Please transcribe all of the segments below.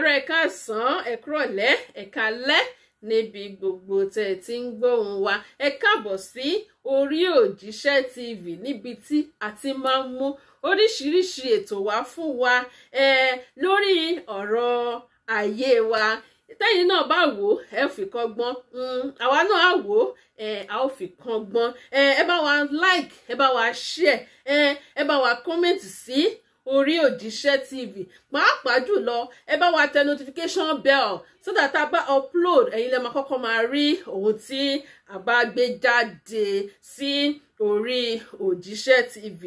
káàárọ̀ ẹ káàsán ẹ kúrọ̀lẹ́ ẹ kálẹ́ níbi gbogbo tẹ́ ẹ ti ń gbóhùn wa ẹ káàbọ̀ sí orí òjíṣẹ́ tv níbi tí a ti máa ń mú oríṣiríṣi ètò wá fún wa ẹ lórí ọ̀rọ̀ ayé wa tẹ́yìn náà bá wò ẹ ò fi kan gbọ́n hmm, àwa náà wò ẹ a ò fi kan ẹ bá wa like ẹ bá wa share ẹ bá wa comment sí. Si orí òjíṣẹ́ tv pàápàá jùlọ ẹ bá wa tẹ notification bell so that a bá upload ẹ̀yin lẹ́ẹ̀ máa kọ́kọ́ máa rí ohun tí a bá gbé jáde sí orí òjíṣẹ́ tv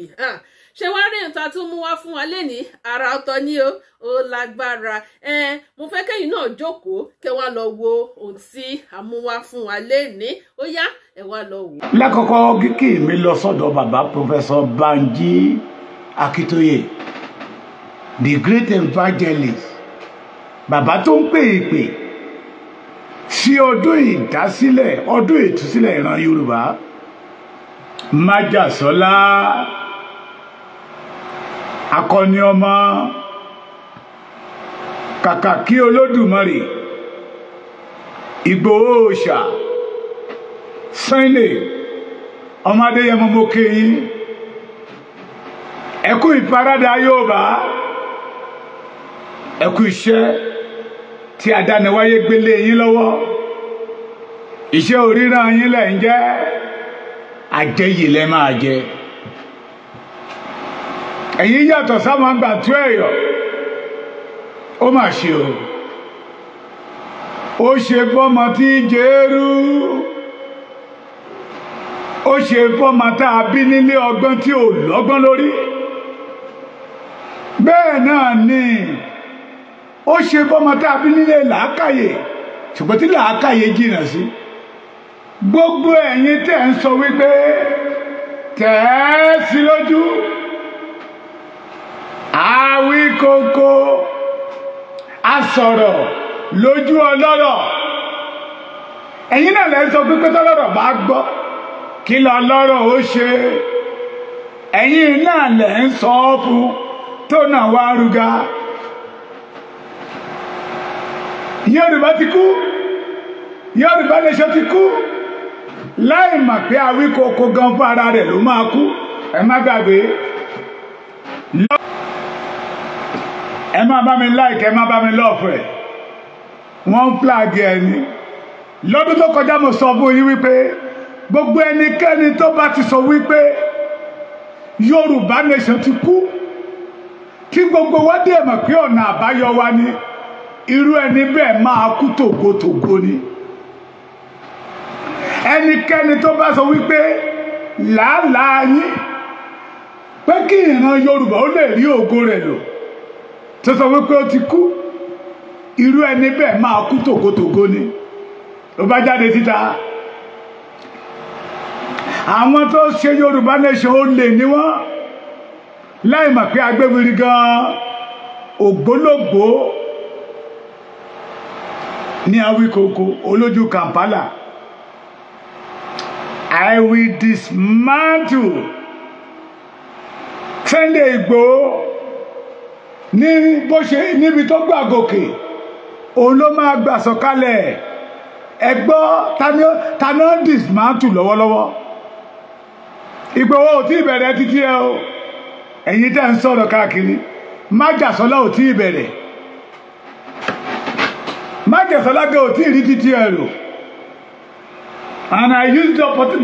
ṣé wá rí nǹkan tó mú wá fún wa lẹ́ni ara ọ̀tọ̀ ni o ó lágbára ẹ mo fẹ́ kẹ́yìn náà jókòó kẹ́ wá lọ wo ohun tí a mú wá fún wa lẹ́ni ó yá ẹ wá lọ wò. lákọ̀ọ́kọ́ kíkì mi lọ sọ́dọ̀ bàbá pọ́fẹ́sọ̀ Banji Akitoye the great evangelist bàbá tó ń pè èpè sí ọdún ìdásílẹ̀ ọdún ìtúsílẹ̀ ìran Yorùbá Májàsọ́lá akọni ọmọ kàkàkí Olódùmarè Ìgbòho òòṣà Sunday ọmọ Adéyẹmọ mo kéyìn. ẹ kú ìfaradà Yorùbá ẹ kú iṣẹ́ tí adániwáyé gbélé yín lọ́wọ́ iṣẹ́ oríran yín lẹ̀ ń jẹ́ àjẹyè lẹ́ máa jẹ ẹ̀yin yàtọ̀ sáwọn àgbà tó ẹyọ, ó mà ṣe o ó ṣe fọ́mọ tí jẹ́rú ó ṣe fọmọ tá a bí nílé ọgbọn tí ò lọ́gbọ́n lórí. bẹ́ẹ̀ náà ni ó ṣe bọ́mọ tá a bí nílé làákàyè ṣùgbọ́n tí làákàyè jìnnà sí gbogbo ẹ̀yin tẹ̀ ń sọ wípé tẹ̀ ẹ́ sí lójú àwí kókó asọ̀rọ̀ lójú ọlọ́rọ̀ ẹ̀yin náà lẹ́ ń sọ pípẹ́ tọ́lọ́rọ̀ bá gbọ́ kí lọ ó ṣe ẹ̀yin náà lẹ́ ń sọ ọ́ fún tó náà wá rúgá yorùbá ti kú yorùbá nation ti kú láì mà pé Awíkòkó gan fún ara rẹ̀ ló máa kú ẹ má gbàgbé ẹ má bá mi láìkẹ́ ẹ má bá mi lọ́ọ̀fẹ́ wọ́n ń flag ẹ ni lọ́dún tó kọjá mo sọ fún yín wípé gbogbo ẹnikẹ́ni tó bá ti sọ wípé yorùbá nation ti kú kí gbogbo wa dẹ̀ mọ̀ pé ọ̀nà àbáyọ wa ni irú ẹni bẹ́ẹ̀ máa kú tògótògó ni ẹnikẹ́ni tó bá sọ wípé làálàá yín pé kí ìran Yorùbá ó lè rí ògo rẹ̀ lò tó sọ wípé ó ti kú irú ẹni bẹ́ẹ̀ máa kú tògótògó ni ló bá jáde síta àwọn tó ṣe Yorùbá nation ó lè ní wọ́n láì mọ̀ pé agbẹ́wìrì gan ògbólógbò ní Awíkòkò olójú Kampala I will dismantle Sunday Igboho ní bó ṣe níbi tó gbà gòkè òun ló máa gbà sọ̀kalẹ̀ ẹ gbọ́ taná dismantle lọ́wọ́lọ́wọ́ Igboho ò tí ì bẹ̀rẹ̀ títí ẹ o ẹ̀yin tẹ́ ń sọ̀rọ̀ káàkiri májàsọ́lá ò tí ì bẹ̀rẹ̀ májàsọ́lá gẹ̀ ò tí ì rí títí ẹ̀rọ and I use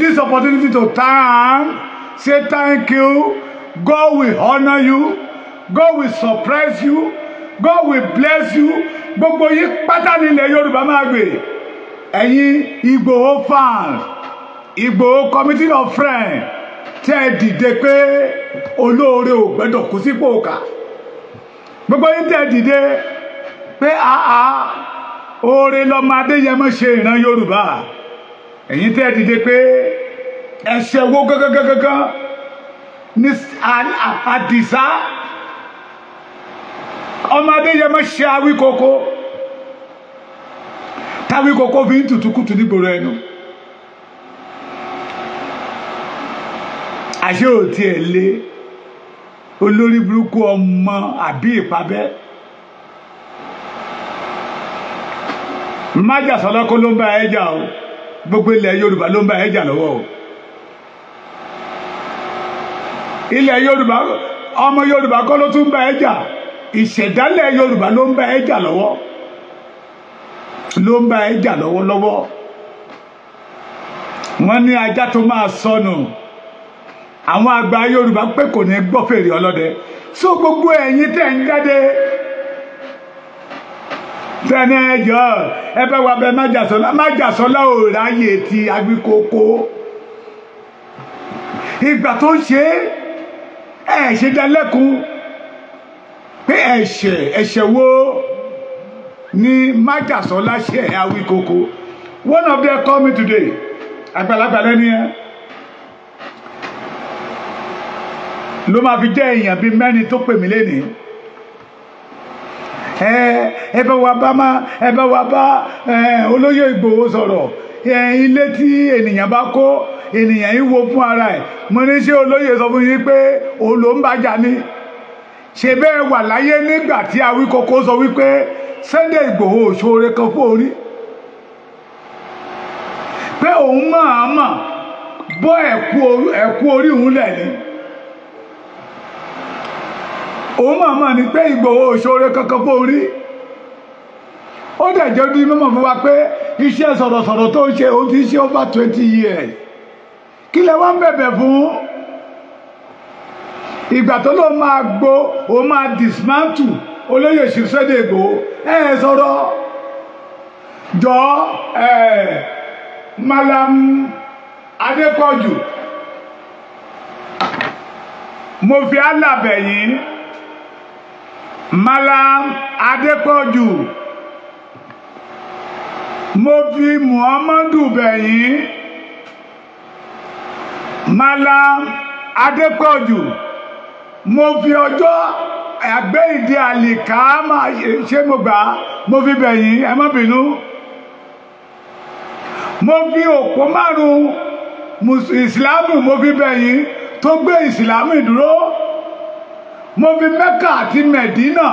this opportunity to thank say thank you God will honour you God will surprise you God will bless you gbogbo yìí pátá nílẹ̀ Yorùbá máa gbè ẹ̀yin Ìgbòho fans Ìgbòho committee of friends. tí ẹ dìde pé olóore ò gbẹ́dọ̀ kú sípò ká gbogbo yín tẹ́ dìde pé àá oore lọ́mọ adéyẹmọ ṣe ìran yorùbá ẹ̀yin tẹ́ dìde pé ẹsẹ̀ owó gángangangan ní àdìsá ọmọ adéyẹmọ ṣe awíkoko táwíkoko fi ń tutù kùtù nígboro ẹnu. àṣé ò tiẹ̀ lé olórí burúkú ọmọ àbí ìpabẹ́ májàsọ́lọ́kọ́ ló ń bá ẹjà o gbogbo ilẹ̀ Yorùbá ló ń bá ẹjà lọ́wọ́ o ilẹ̀ Yorùbá ọmọ Yorùbá kọ́ ló tún ń bá ẹjà ìṣẹ̀dálẹ̀ Yorùbá ló ń bá ẹjà lọ́wọ́ ló ń bá ẹjà lọ́wọ́lọ́wọ́ wọ́n ní ajá tó máa sọnù. no àwọn àgbà Yorùbá pé kò ní gbọ́ fèrè ọlọ́dẹ so gbogbo ẹ̀yin tẹ̀ ń jáde tẹ́ni ẹjọ́ ẹ bẹ́ wá bẹ májàsọ́lá májàsọ́lá ò ráyè ti agbíkókó ìgbà tó ń ṣe ẹ ṣe dalẹ́kun pé ẹ̀ṣẹ̀ ẹ̀ṣẹ̀ wo ni májàsọ́lá ṣe àwíkókó one of them call me today àgbàlagbà lẹ́ni ẹ. ló máa fi jẹ́ èèyàn bíi mẹ́rin tó pè mí lénìí ẹ ẹ bá wa bá má ẹ bá wa bá olóyè Ìgbòho sọ̀rọ̀ ilé tí ènìyàn bá kó ènìyàn yìí wo fún ara ẹ̀ mo ní ṣé olóyè sọ fún yín pé òun ń bàjá ni ṣe bẹ́ẹ̀ wà láyé nígbà tí Awíkókó sọ wípé Sunday Ìgbòho òṣòro kan fún orí pé òun máa mà bọ́ ẹ̀kú orí òun lẹ̀ ni òun màmá ni pé Ìgbòho òṣòro kankan fún orí ó dẹ̀ jẹ́ bí mọ́mọ́ fún wa pé iṣẹ́ sọ̀rọ̀sọ̀rọ̀ tó ń ṣe òun ti ṣe over twenty years kí lẹ wá ń bẹ̀bẹ̀ fún ìgbà tó ló máa gbó òun máa dismantle olóyè Sunday Igboho ẹ ẹ sọ̀rọ̀ jọ ẹ Malam Adépọ̀jù mo fi Allah Malam Adépọ̀jù mo fi Muhammadu bẹ̀yín Malam Adépọ̀jù mo fi ọjọ́ àgbéyìndé àlìkáàmà ṣé mo gbà mo fi bẹ̀yín ẹ má bínú mo fi òpó márùn-ún ìsìlámù mo fi bẹ̀yín tó gbé ìsìlámù dúró mo fi mẹ́kà àti mẹ̀dínà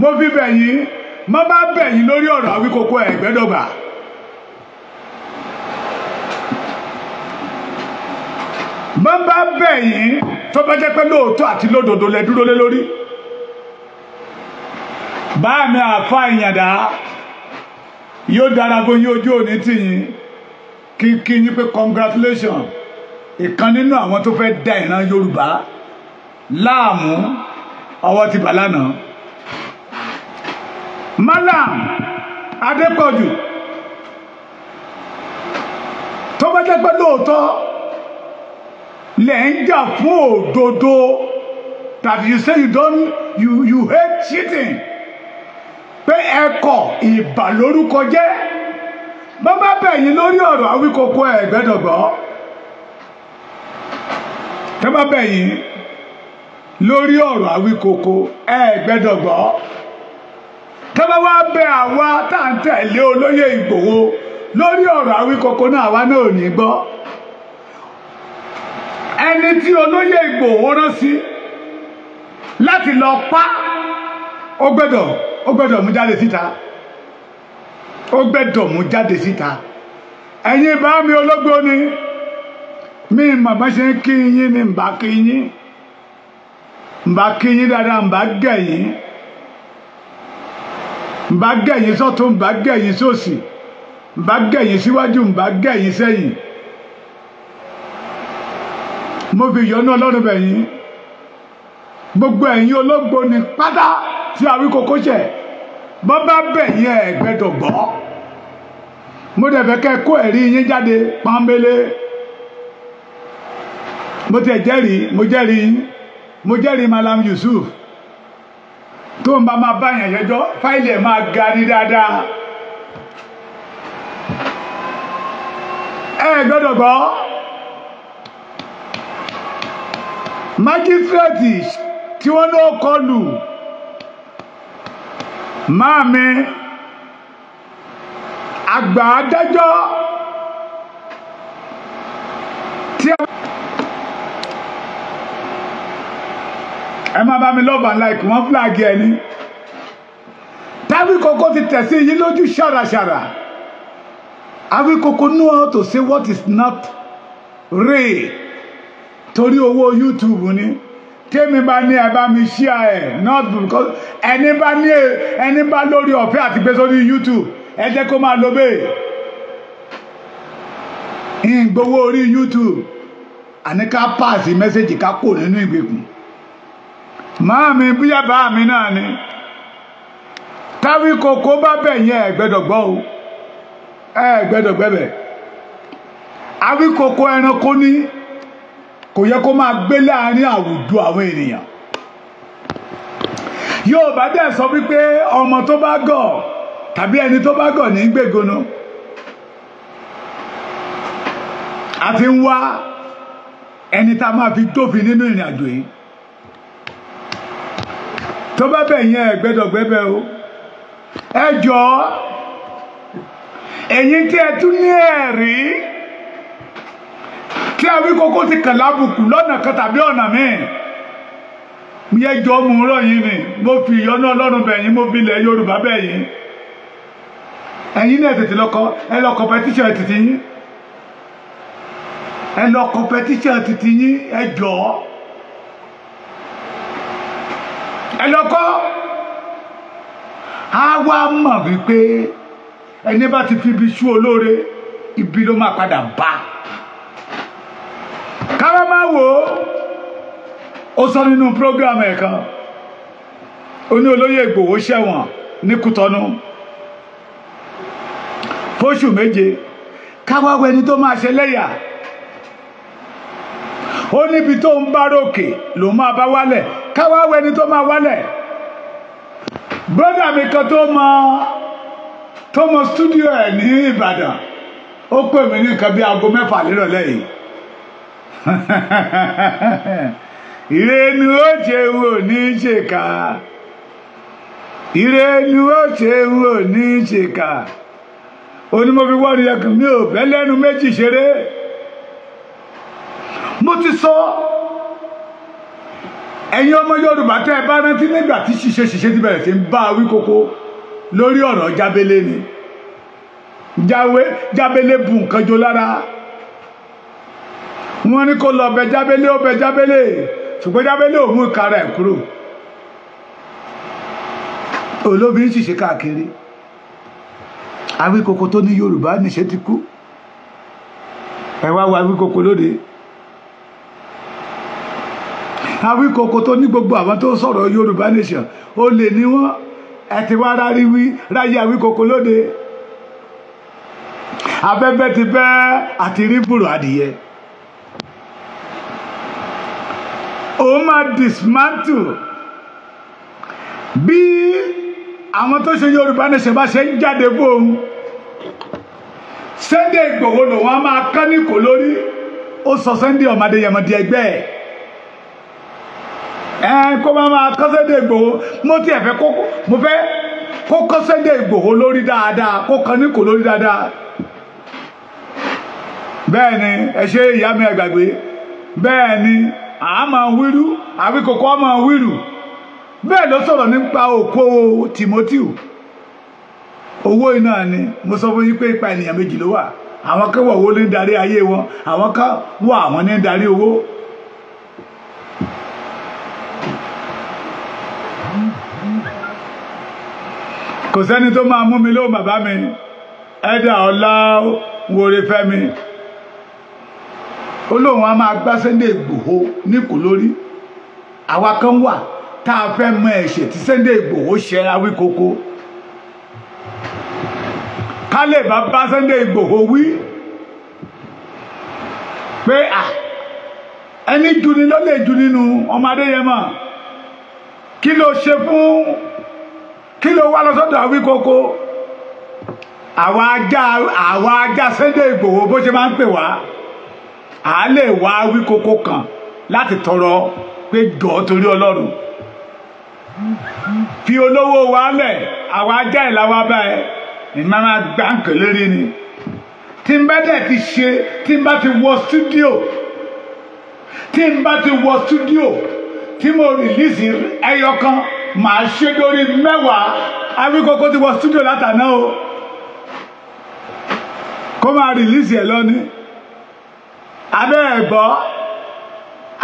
mo fi bẹ̀ yín mo bá bẹ̀ yín lórí ọ̀rọ̀ Awíkókó ẹ̀gbẹ́dọ̀gbà. mo bá bẹ̀ yín tó bá jẹ́ pé lóòótọ́ àti lódodo lẹ dúró lé lórí. báà mi àfa ìyàndá yóò dára bó yín ojú òní tì yín kí kí yín pé congratulation ìkan nínú àwọn tó fẹ́ da ìran Yorùbá láàmú ọwọ́ ti bà lánàá Malam Adépọ̀jù tó bá jẹ́ pé lóòótọ́ lẹ̀ ń jà fún òdodo that you say you don't you you hate cheating pé ẹ̀kọ́ ìbàlórúkọ jẹ́ bàbá bẹ̀yìn lórí ọ̀rọ̀ Awíkọ́nkọ́ ẹ̀gbẹ́dọ̀gbọ́ tẹ́ bá bẹ̀yìn. lórí ọ̀rọ̀ àwíkoko ẹ gbẹ́dọ̀ gbọ́ tọ́ba wá bẹ àwa tá à ń tẹ̀lé olóyè Ìgbòho lórí ọ̀rọ̀ àwíkoko náà àwa náà ò ní gbọ́ ẹni tí olóyè Ìgbòho rán sí láti lọ pa ó gbẹ́dọ̀ ó gbẹ́dọ̀ mú jáde síta ó gbẹ́dọ̀ mú jáde síta ẹ̀yin bá mi ológbó ni mi màmá ṣe ń kí yín ni mbà kí yín. nba kí yín dáadáa nba gẹ̀ yín nba gẹ̀ yín sọ́tún nba gẹ̀ sósì nba gẹ̀ síwájú nba gẹ̀ sẹ́yìn mo fi yọ́nú ọlọ́run bẹ̀ yín gbogbo ẹ̀yin ológbò ní pátá tí a wí kókó ṣẹ̀ bọ́ bá bẹ̀ yín ẹ̀ gbẹ́dọ̀ gbọ́ mo dẹ̀ kẹ́ kó ẹ̀rí yín jáde pọ́nbélé mo tiẹ̀ jẹ́rìí mo jẹ́rìí yín mo jẹ́rìí Malam Yusuf tó ń bá máa báyàn yẹjọ́ fáìlì ẹ̀ máa ga ní dáadáa. ẹ gbọ́dọ̀ gbọ́ májísírèètì tí wọ́n lọ kọlù máa mi àgbà adájọ́. ẹ má bá mi lọ́ọ̀bà láìkì wọ́n flag ẹ ní. Awíkoko ti tẹ̀ sí yín lójú ṣàràṣàrà. Awíkoko know how to say what is not real. Torí owó YouTube ni. Témi bá ní ẹ bá mi share ẹ̀ not because ẹni bá ní ẹni bá lórí ọ̀fẹ́ àti gbé sórí YouTube ẹ jẹ́ kó máa lo bẹ́ẹ̀. Ìgbowó orí YouTube àní ká pààsì mẹ́sẹ̀gì ká kò nínú ìgbèkùn. Maami bíyà báàmí náà ni táwí koko bá bẹ̀ yẹn ẹ̀ o ẹranko ni kò yẹ kó máa gbé láàrin àwùjọ àwọn ènìyàn yóò bá sọ wípé ọmọ tó bá gọ̀ tàbí ẹni tó bá gọ̀ ní gbégono àti ń wá fi nínú ìrìn àjò yìí tó bá bẹ̀ yẹn o ẹ ẹ̀yin tí ẹ tún ní ẹ̀rí tí a wí kókó ti kàn lábùkù lọ́nà kan tàbí ọ̀nà míì yẹ jọ mú rọ̀ yín ni mo fi ìyọ́nú ọlọ́run bẹ̀ yín mo fi náà tètè lọ́kọ ẹ lọ ẹ lọ kọ́ á wá mọ̀ wípé ẹni bá ti fi ibi sú olóore ibi ló máa padà bá káwá máa wò ó ó sọ nínú program ẹ̀ kan ó ní olóyè Ìgbòho ṣẹ̀wọ̀n ní Kútọ́nù fóṣù méje káwá wẹni tó máa ṣe lẹ́yà ó níbi tó ń bá rókè ló máa bá wálẹ̀ káwá wo ẹni tó máa wálẹ̀ brọ́dà mi kan tó mọ tó mọ stúdíò ẹ̀ ní Ìbàdàn ó pè mí ní nǹkan bí aago mẹ́fà lérọ̀lẹ́ yìí ire ni ó ṣe wò ní ṣèkà ire ni ó ṣe wò ní ṣèkà onímọ̀bí wọ́n rí ẹkùn mi ò bẹ́ lẹ́nu méjì ṣeré mo ti sọ. So, ẹ̀yin ọmọ yorùbá tẹ́ ẹ bá rántí nígbà tí ṣìṣe ṣìṣe ti bẹ̀rẹ̀ sí ń bá wí kókó lórí ọ̀rọ̀ jábélé ni jáwé jábélé bu nǹkan jó lára wọ́n ní kó lọ bẹ jábélé ó bẹ jábélé ṣùgbọ́n jábélé ò mú ìkara ẹ̀ kúrò olóbi ń ṣìṣe káàkiri awíkoko tó ní yorùbá níṣẹ́ ti kú ẹ wá wo awíkoko lóde àwíkoko tó ní gbogbo àwọn tó sọ̀rọ̀ Yorùbá nation ó lè ní wọ́n ẹ̀tì wá rárí wí ráyé àwíkoko lóde abẹ́bẹ́ ti bẹ́ àti rí bùrọ̀ adìyẹ ó máa dismantle bí àwọn tó ṣe Yorùbá nation bá ṣe ń jáde bóun Sunday Ìgbòho lòun á máa kán ní kò lórí ó sọ Sunday ọmọdé yẹmọdé ẹgbẹ́ ẹ̀ ẹ kó máa máa kọ́sẹ́ dé Ìgbòho mo tiẹ̀ fẹ́ kó mo fẹ́ kó kọ́sẹ́ dé Ìgbòho lórí dáadáa kó kan ní kò lórí dáadáa bẹ́ẹ̀ ni ẹ ṣe ìyá mi àgbàgbé bẹ́ẹ̀ ni àá máa wíru àwíkòkò máa wíru bẹ́ẹ̀ ló sọ̀rọ̀ nípa òkú Timothy owó iná ni mo sọ fún yín pé ipa ènìyàn méjì ló wà àwọn kan owó ní darí ayé wọn àwọn kan àwọn ní darí owó. kò sẹ́ni tó máa mú mi lóhùn bàbá mi ẹ̀dà ọ̀la wòrè fẹ́mi olóhùn a máa gbá Sunday Ìgbòho níkù lórí àwa kan wà tá a fẹ́ mọ ẹ̀ṣẹ̀ tí Sunday Ìgbòho ṣe Awíkoko ká lè bá bá Sunday Ìgbòho wí pé à ẹni juni ló lè ju nínú ọmọ Adéyẹmọ kí ló ṣe fún kí ló wá lọ́sọ́dọ̀ Awíkókó àwọn ajá àwọn ajá Sunday Ìgbòho bó ṣe máa ń pè wá à lè wá Awíkókó kan láti tọrọ pé jọ torí Ọlọ́run fi olówó wa lẹ̀ àwọn ajá ẹ̀ làwọn abá ẹ̀ ní máa gbá nǹkan lérí ni tí n bá dẹ̀ ti ṣe tí n bá ti wọ stúdíò tí n bá ti wọ stúdíò tí mo rìlíìsì ẹyọ kan màá ṣe dórí mẹ́wàá aríkókó ti wọ studio látàná o kó máa rìlíìsì ẹ̀ lọ́ní abẹ́ ẹ̀ gbọ́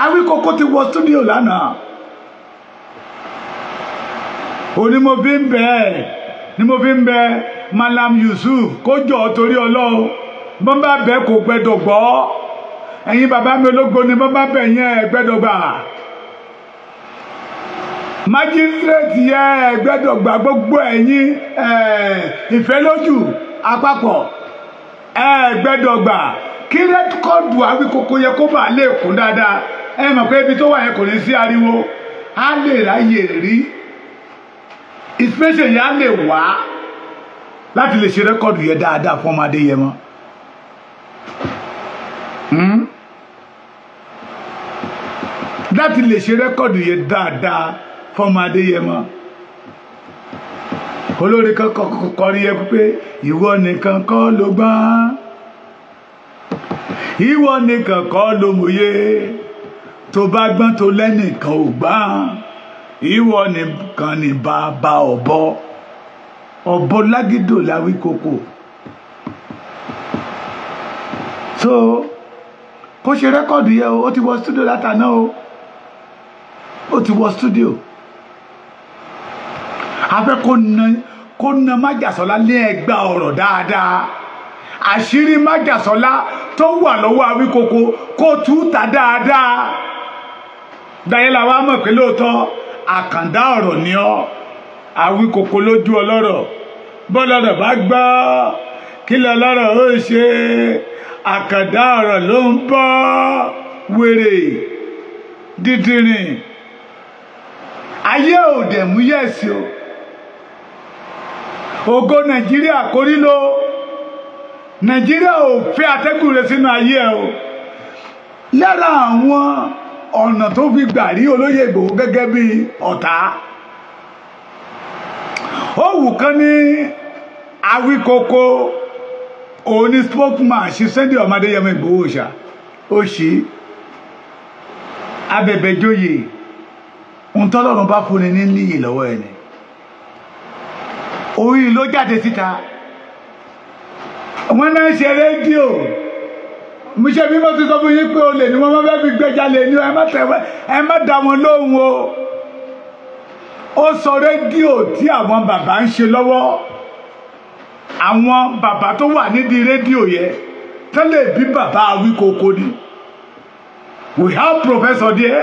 aríkókó ti wọ studio lánàá òní mo fi ń bẹ ẹ ni mo fi ń bẹ Malam Yusuf kó jọ torí Ọlọ́run bọ́n bá bẹ́ẹ̀ kò gbẹdọ̀ gbọ́ ẹ̀yin bàbá mi ológo ni bọ́n bá bẹ̀ yẹn gbẹdọ̀ gbà májísírèètì ẹ gbẹ́dọ̀ gba gbogbo ẹ̀yin ìfẹ́lójú àpapọ̀ ẹ gbẹ́dọ̀ gbà kí rẹ́kọ̀dù Awíkókó yẹ kó bàa lè kún dáadáa ẹ mọ̀ pé ibi tó wà yẹn kò ní sí ariwo á lè ráyè rí ìsúnmẹ́sẹ̀ yẹn á lè wá láti lè ṣe rẹ́kọ̀dù yẹn dáadáa fún ọmọdé yẹn mọ́. Hmm? láti lè ṣe rẹ́kọ̀dù yẹn dáadáa fọmọ adéyẹmọ olórí kan kọrin yẹ pé ìwọ nìkan kọ́ ló gbọ́n ìwọ nìkan kọ́ ló mòye tó bá gbọ́n tó lẹ́nìkan ò gbọ́n ìwọ nìkan ni bàbá ọ̀bọ ọ̀bọ lágídò láwí koko so kó ṣe rẹ́kọ̀dù yẹ o ó ti wọ stúdíò látàná o ó ti wọ stúdíò afẹ́ kó na kó na májàsọ́lá lé ẹgbà ọ̀rọ̀ dáadáa àṣírí májàsọ́lá tó wà lọ́wọ́ Awíkoko kó tú ta dáadáa dayela wa mọ̀ pé lóòótọ́ àkàndá ọ̀rọ̀ ni ọ́ Awíkoko lójú ọlọ́rọ̀ bọ́lọ́rọ̀ bá gbọ́ kí lọ́lọ́rọ̀ ó ṣe àkàndá ọ̀rọ̀ ló ń bọ́ wèrè dídìrín ayé ò dẹ̀ mú Ogo nàìjíríà kò nílò nàìjíríà ò fẹ́ atẹ́gùn rẹ sínú ayé ẹ o lára àwọn ọ̀nà tó fi gbà rí olóyè ìgbòho gẹ́gẹ́ bí ọ̀tá òwù kan ní awíkoko òun ní spokesman ṣe sẹ́ndì ọ̀madé yẹmọ ìgbòho ṣá ó ṣí abẹ̀bẹ̀jọyè ń tọ́lọ́run bá fúnni ní níyì lọ́wọ́ ẹni orí ló jáde síta wọ́n náà ń ṣe rédíò mo bí mo ti sọ fún yín pé olè ni wọ́n fẹ́ fi gbèjà ní ẹ má dá wọn lóhùn o ó sọ rédíò tí àwọn bàbá ń ṣe lọ́wọ́ àwọn bàbá tó wà nídìí rédíò yẹn tẹ́lẹ̀ bí bàbá Awíkoko ni we have professor there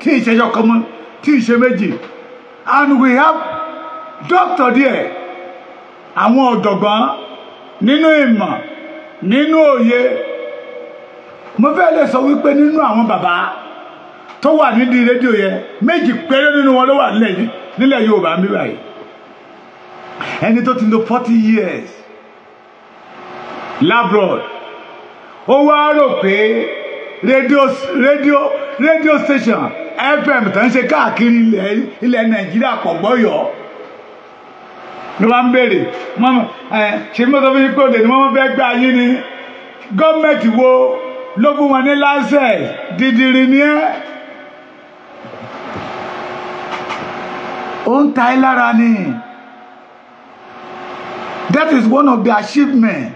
tí ìṣẹ́jọ́ kan mọ́ tí ìṣe méjì and we have dókítà díẹ̀ àwọn ọ̀jọ̀gbọ́n nínú ìmọ̀ nínú òye mo fẹ́ lè sọ wípé nínú àwọn bàbá tó wà nídìí rédíò yẹn méjì péré nínú wọn ló wà nílẹ̀ Yorùbá mi báyìí ẹni tó ti lò forty years labroad ó wá rò pé rédíò rédíò rédíò station FM tó ń ṣe káàkiri ilẹ̀ Nàìjíríà pọ̀ gbọ́yọ̀ọ́ ló máa ń béèrè ṣé mo sọ fún yín pé olè ni wọ́n fẹ́ gbà yín ni gọ́ọ̀mẹ̀ntì wo ló fún wọn ní láńsẹ̀ dìdìrì ni ẹ́ ó ń ta ẹ́ lára ni that is one of the achievement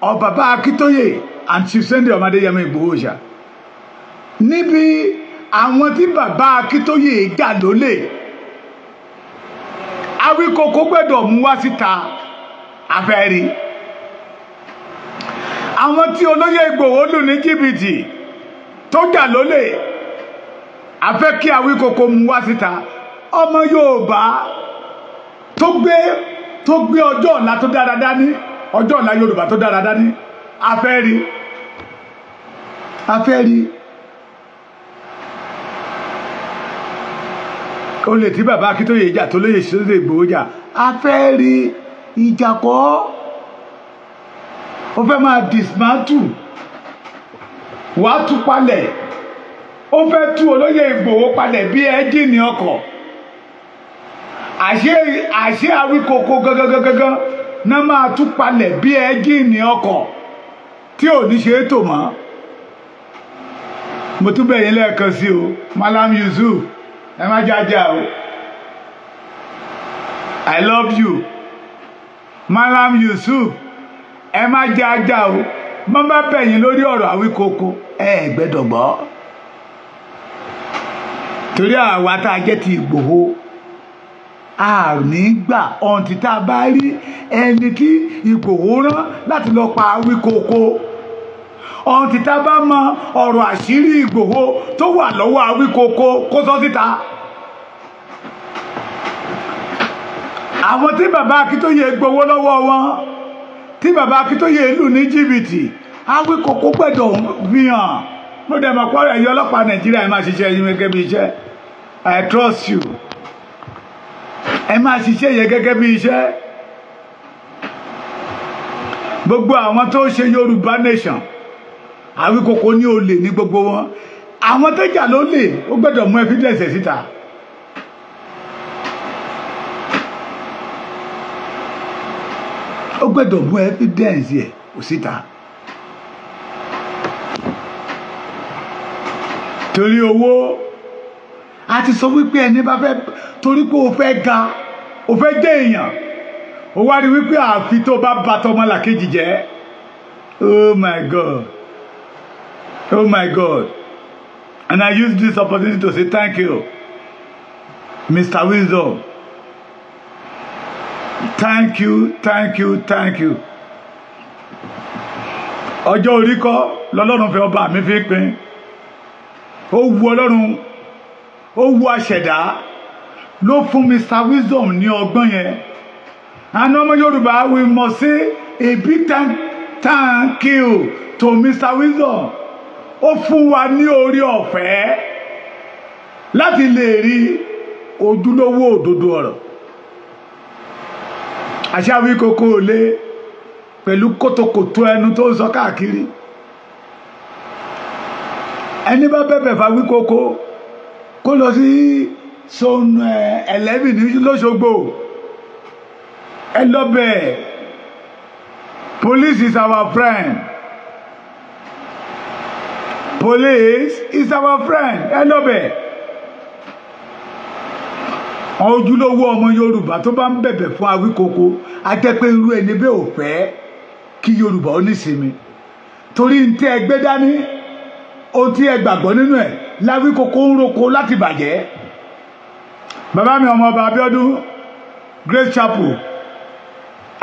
of Baba Akitoye, and Chief Sunday Ọmọdéyẹmọ Ìgbòho Òòṣà níbi àwọn tí Baba Akintoye gbà lólè awíkoko gbẹ́dọ̀ mú wá síta abẹ́rí àwọn tí olóyè Ìgbòho lù ní jìbìtì tó jà lólè afẹ́ kí awíkoko mú wá síta ọmọ Yorùbá tó gbé tó gbé ọjọ́ ọ̀la tó dára dání ọjọ́ ọ̀la Yorùbá tó dára dání afẹ́ rí afẹ́ rí. olè tí bàbá Akíntóyè jà tó lóye Sunday Igboho jà a fẹ́ rí ìjà kọ́ ó fẹ́ máa dismantle wàá tú palẹ̀ ó fẹ́ tú olóyè Igboho palẹ̀ bí ẹ́ńjìnì ọkọ̀ àṣé àṣé awíkoko gangan náà máa tú palẹ̀ bí ẹ́ńjìnì ọkọ̀ tí ò ní ṣe é tò mọ́ mo tún bẹ̀ lẹ́ẹ̀kan sí o Malam Yusuf ẹ má jájà o i love you malam yusuf ẹ má jájà o mo bá bẹ̀yìn lórí ọ̀rọ̀ àwíkoko ẹ gbẹ́dọ̀ gbọ́ torí àwa tá a jẹ́ ti Ìgbòho a ní gbà ọ̀ǹtí tá a bá rí ẹni tí Ìgbòho rán láti lọ pa Awíkoko ọ̀hún ti tá bá mọ ọ̀rọ̀ àṣírí Ìgbòho tó wà lọ́wọ́ Awíkoko kó sọ síta àwọn tí bàbá Akíntóyè gbowó lọ́wọ́ wọn tí bàbá Akíntóyè lù ní jìbìtì Awíkoko gbẹ̀dọ̀ fi hàn dẹ̀ mọ̀ pọ́nrọ̀ ẹ̀yọ́ ọlọ́pàá Nàìjíríà ẹ̀ máa ṣiṣẹ́ yín gẹ́gẹ́ bí iṣẹ́ I trust you ẹ máa ṣiṣẹ́ yẹn gẹ́gẹ́ bí iṣẹ́ gbogbo àwọn tó ṣe Yorùbá nation àwíkoko ní olè ní gbogbo wọn àwọn tẹ́jà ló lè ó gbọ́dọ̀ mú evidence síta. ó gbọ́dọ̀ mú evidence yẹ kò síta. torí owó a ti sọ wípé ẹni bá fẹ́ torí pé o fẹ́ ga o fẹ́ jẹ́ èèyàn o wá rí wípé àfi tó bá ba tọmọlàkejì jẹ́ oh my god. Oh my God. And I use this opportunity to say thank you, Mr. Wisdom. Thank you, thank you, thank you. Ọjọ́ orí kọ́ lọ́lọ́run fẹ́ ọba mi fi pin. Ó wu Ọlọ́run, ó wu àṣẹ̀dá ló fún Mr. Wisdom ní ọgbọ́n yẹn. Àná ọmọ Yorùbá we must say a big thank, thank you to Mr. Wisdom ó fún wa ní orí ọ̀fẹ́ láti lè rí ojúlówó òdodo ọ̀rọ̀ àṣàwí kókó lé pẹ̀lú kótókòtó ẹnu tó ń sọ káàkiri ẹni bá bẹ̀bẹ̀ fa wí kókó kó lọ sí sonu ẹlẹ́bìn ní lọ́sọ̀gbò ẹ lọ police is our friend. Police is our friend. Ẹlọ́bẹ̀. Àwọn ojúlówó ọmọ Yorùbá tó bá ń bẹ̀bẹ̀ fún Awíkoko, a jẹ́ pé irú ẹni bẹ́ẹ̀ ò fẹ́ kí Yorùbá ó nísinmi. Torí ń tẹ́ ẹgbẹ́ dání, ohun tí ẹ gbàgbọ́ nínú ẹ̀ láwíkoko ń roko láti bàjẹ́. Bàbá mi ọmọ ọba Abíọ́dún, Grace Chapel,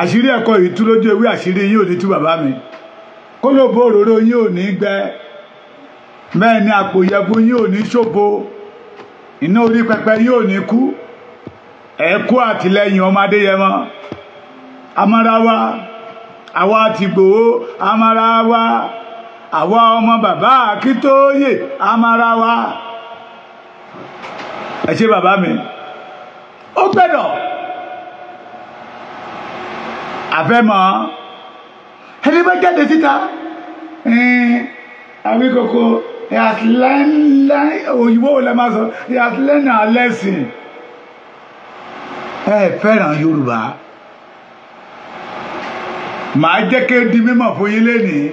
àṣírí ẹ̀kọ́ yìí tú lójú ewé àṣírí yìí ò ní tú bàbá mi. Kólóbó òróró yìí ò ní gbẹ bẹ́ẹ̀ ni àpò ìyẹ̀fun yìí ò ní ṣòfò iná orí pẹpẹ yìí ò ní kú ẹ̀kú àtìlẹ́yìn ọmọ Adéyẹmọ amárawa àwa àtìgbòho amárawa àwa ọmọ bàbá Akíntóyè amárawa ẹ ṣe bàbá mi ó gbẹ́dọ̀ àfẹ́mọ́ ẹni bá jáde síta ẹ̀ẹ́n àwíkọ́kọ́ he has learned learn òyìnbó wo lẹ máa sọ he has learned our lesson ẹ fẹ́ràn Yorùbá màá jẹ́ kí ó di mímọ̀ fún yín lénìí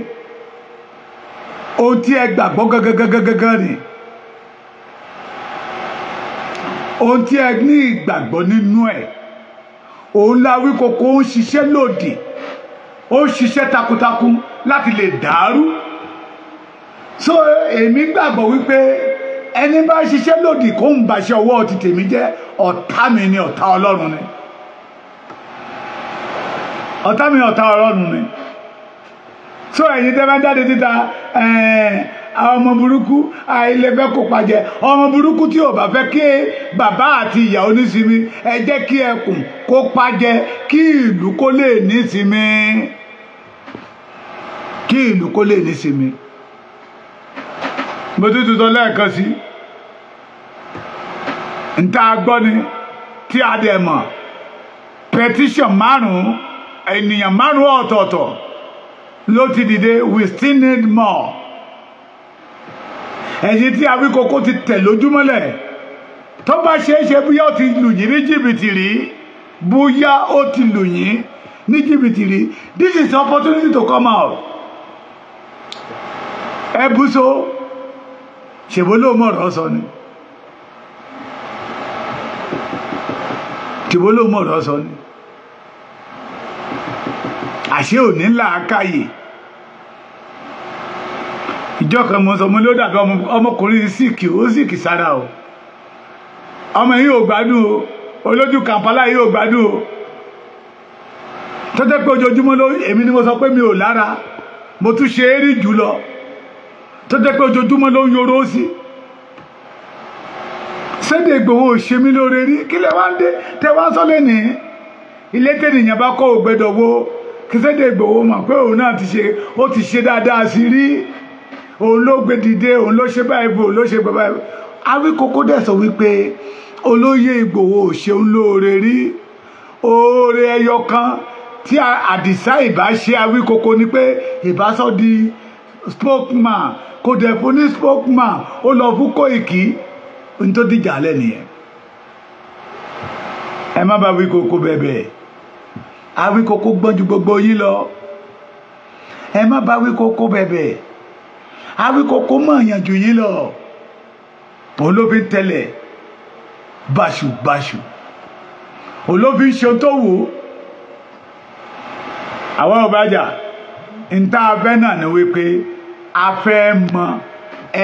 ohun tí ẹ gbàgbọ́ gangan ni ohun tí ẹ ní ìgbàgbọ́ nínú ẹ̀ òun la wí kókó ó ń ṣiṣẹ́ lòdì ó ń ṣiṣẹ́ takuntakun láti lè dàrú so èmi gbàgbọ́ wípé ẹni bá ṣiṣẹ́ lòdì kó ń bàṣẹ ọwọ́ ti tèmi jẹ́ ọ̀tá mi ni ọ̀tá ọlọ́run ni ọ̀tá mi ọ̀tá ọlọ́run ni so ẹ̀yin tẹ́ bá ń jáde títa àwọn ọmọ burúkú àìlẹ́fẹ́ kó pàjẹ́ ọmọ burúkú tí ò bá fẹ́ kí bàbá àti ìyá onísinmi ẹ jẹ́ kí ẹkùn kó pàjẹ́ kí ìlú kó lè nísinmi kí ìlú kó lè nísinmi mo tún tuntun lẹ́ẹ̀kan sí nta gbọ́ ni tí a dẹ̀ mọ̀ petition márùn-ún ènìyàn márùn-ún ọ̀tọ̀ọ̀tọ̀ ló ti dìde we still need more ẹ̀yin tí Awíkókó ti tẹ̀ lójúmọ́lẹ̀ tó bá ṣeé ṣe bóyá ó ti lù yín ní jìbìtì rí bóyá ó ti lù yín ní jìbìtì rí this is opportunity to come out ẹ bú so ṣèbó ló mọ̀rọ̀ sọ ni ṣèbó ló mọ̀rọ̀ sọ ni àṣé òní ńlá káyè ìjọ kan mo sọ mo ló dàbí ọmọkùnrin síìkì ó síìkì sára o ọmọ yìí ò gbádùn o olójú Kampala yìí ò gbádùn o tọ́jọ́ pé ojoojúmọ́ ló èmi ni mo sọ pé mi ò lára mo tún ṣe é rí jù tó jẹ́ pé ojoojúmọ́ ló ń yorò ó sí Sunday Igboho ò ṣe mí lóore rí kí lè wá ń dé tẹ wá sọ́lẹ̀ ní ilé tẹ̀lẹ̀yìn bá kọ́ ògbẹ́dọ̀ wo kí Sunday Igboho mọ̀ pé òun náà ti ṣe ó ti ṣe dáadáa sí rí òun ló gbé dìde òun ló ṣe báyìí bò òun ló ṣe bàbá yìí Awíkókó dẹ̀ sọ wípé olóyè Ìgbòho ò ṣeun lóore rí oore ẹyọ kan tí Àdìsá ìbá ṣe Awíkókó ni pé ìbá di spokesman kò dẹ̀ fún ní spokesman ó lọ fún Kóìkì ní tó dìjà alẹ́ nìyẹn ẹ má bá Awíkókó bẹ̀bẹ̀ Awíkókó gbọ́n ju gbogbo yín lọ ẹ má bá Awíkókó bẹ̀bẹ̀ Awíkókó mọ̀ èèyàn jù yín lọ òun ló fi ń tẹ̀lẹ̀ báṣubàṣu òun ló fi ṣe tó wò ó àwa ò ń tá a fẹ́ náà ni wípé a fẹ́ mọ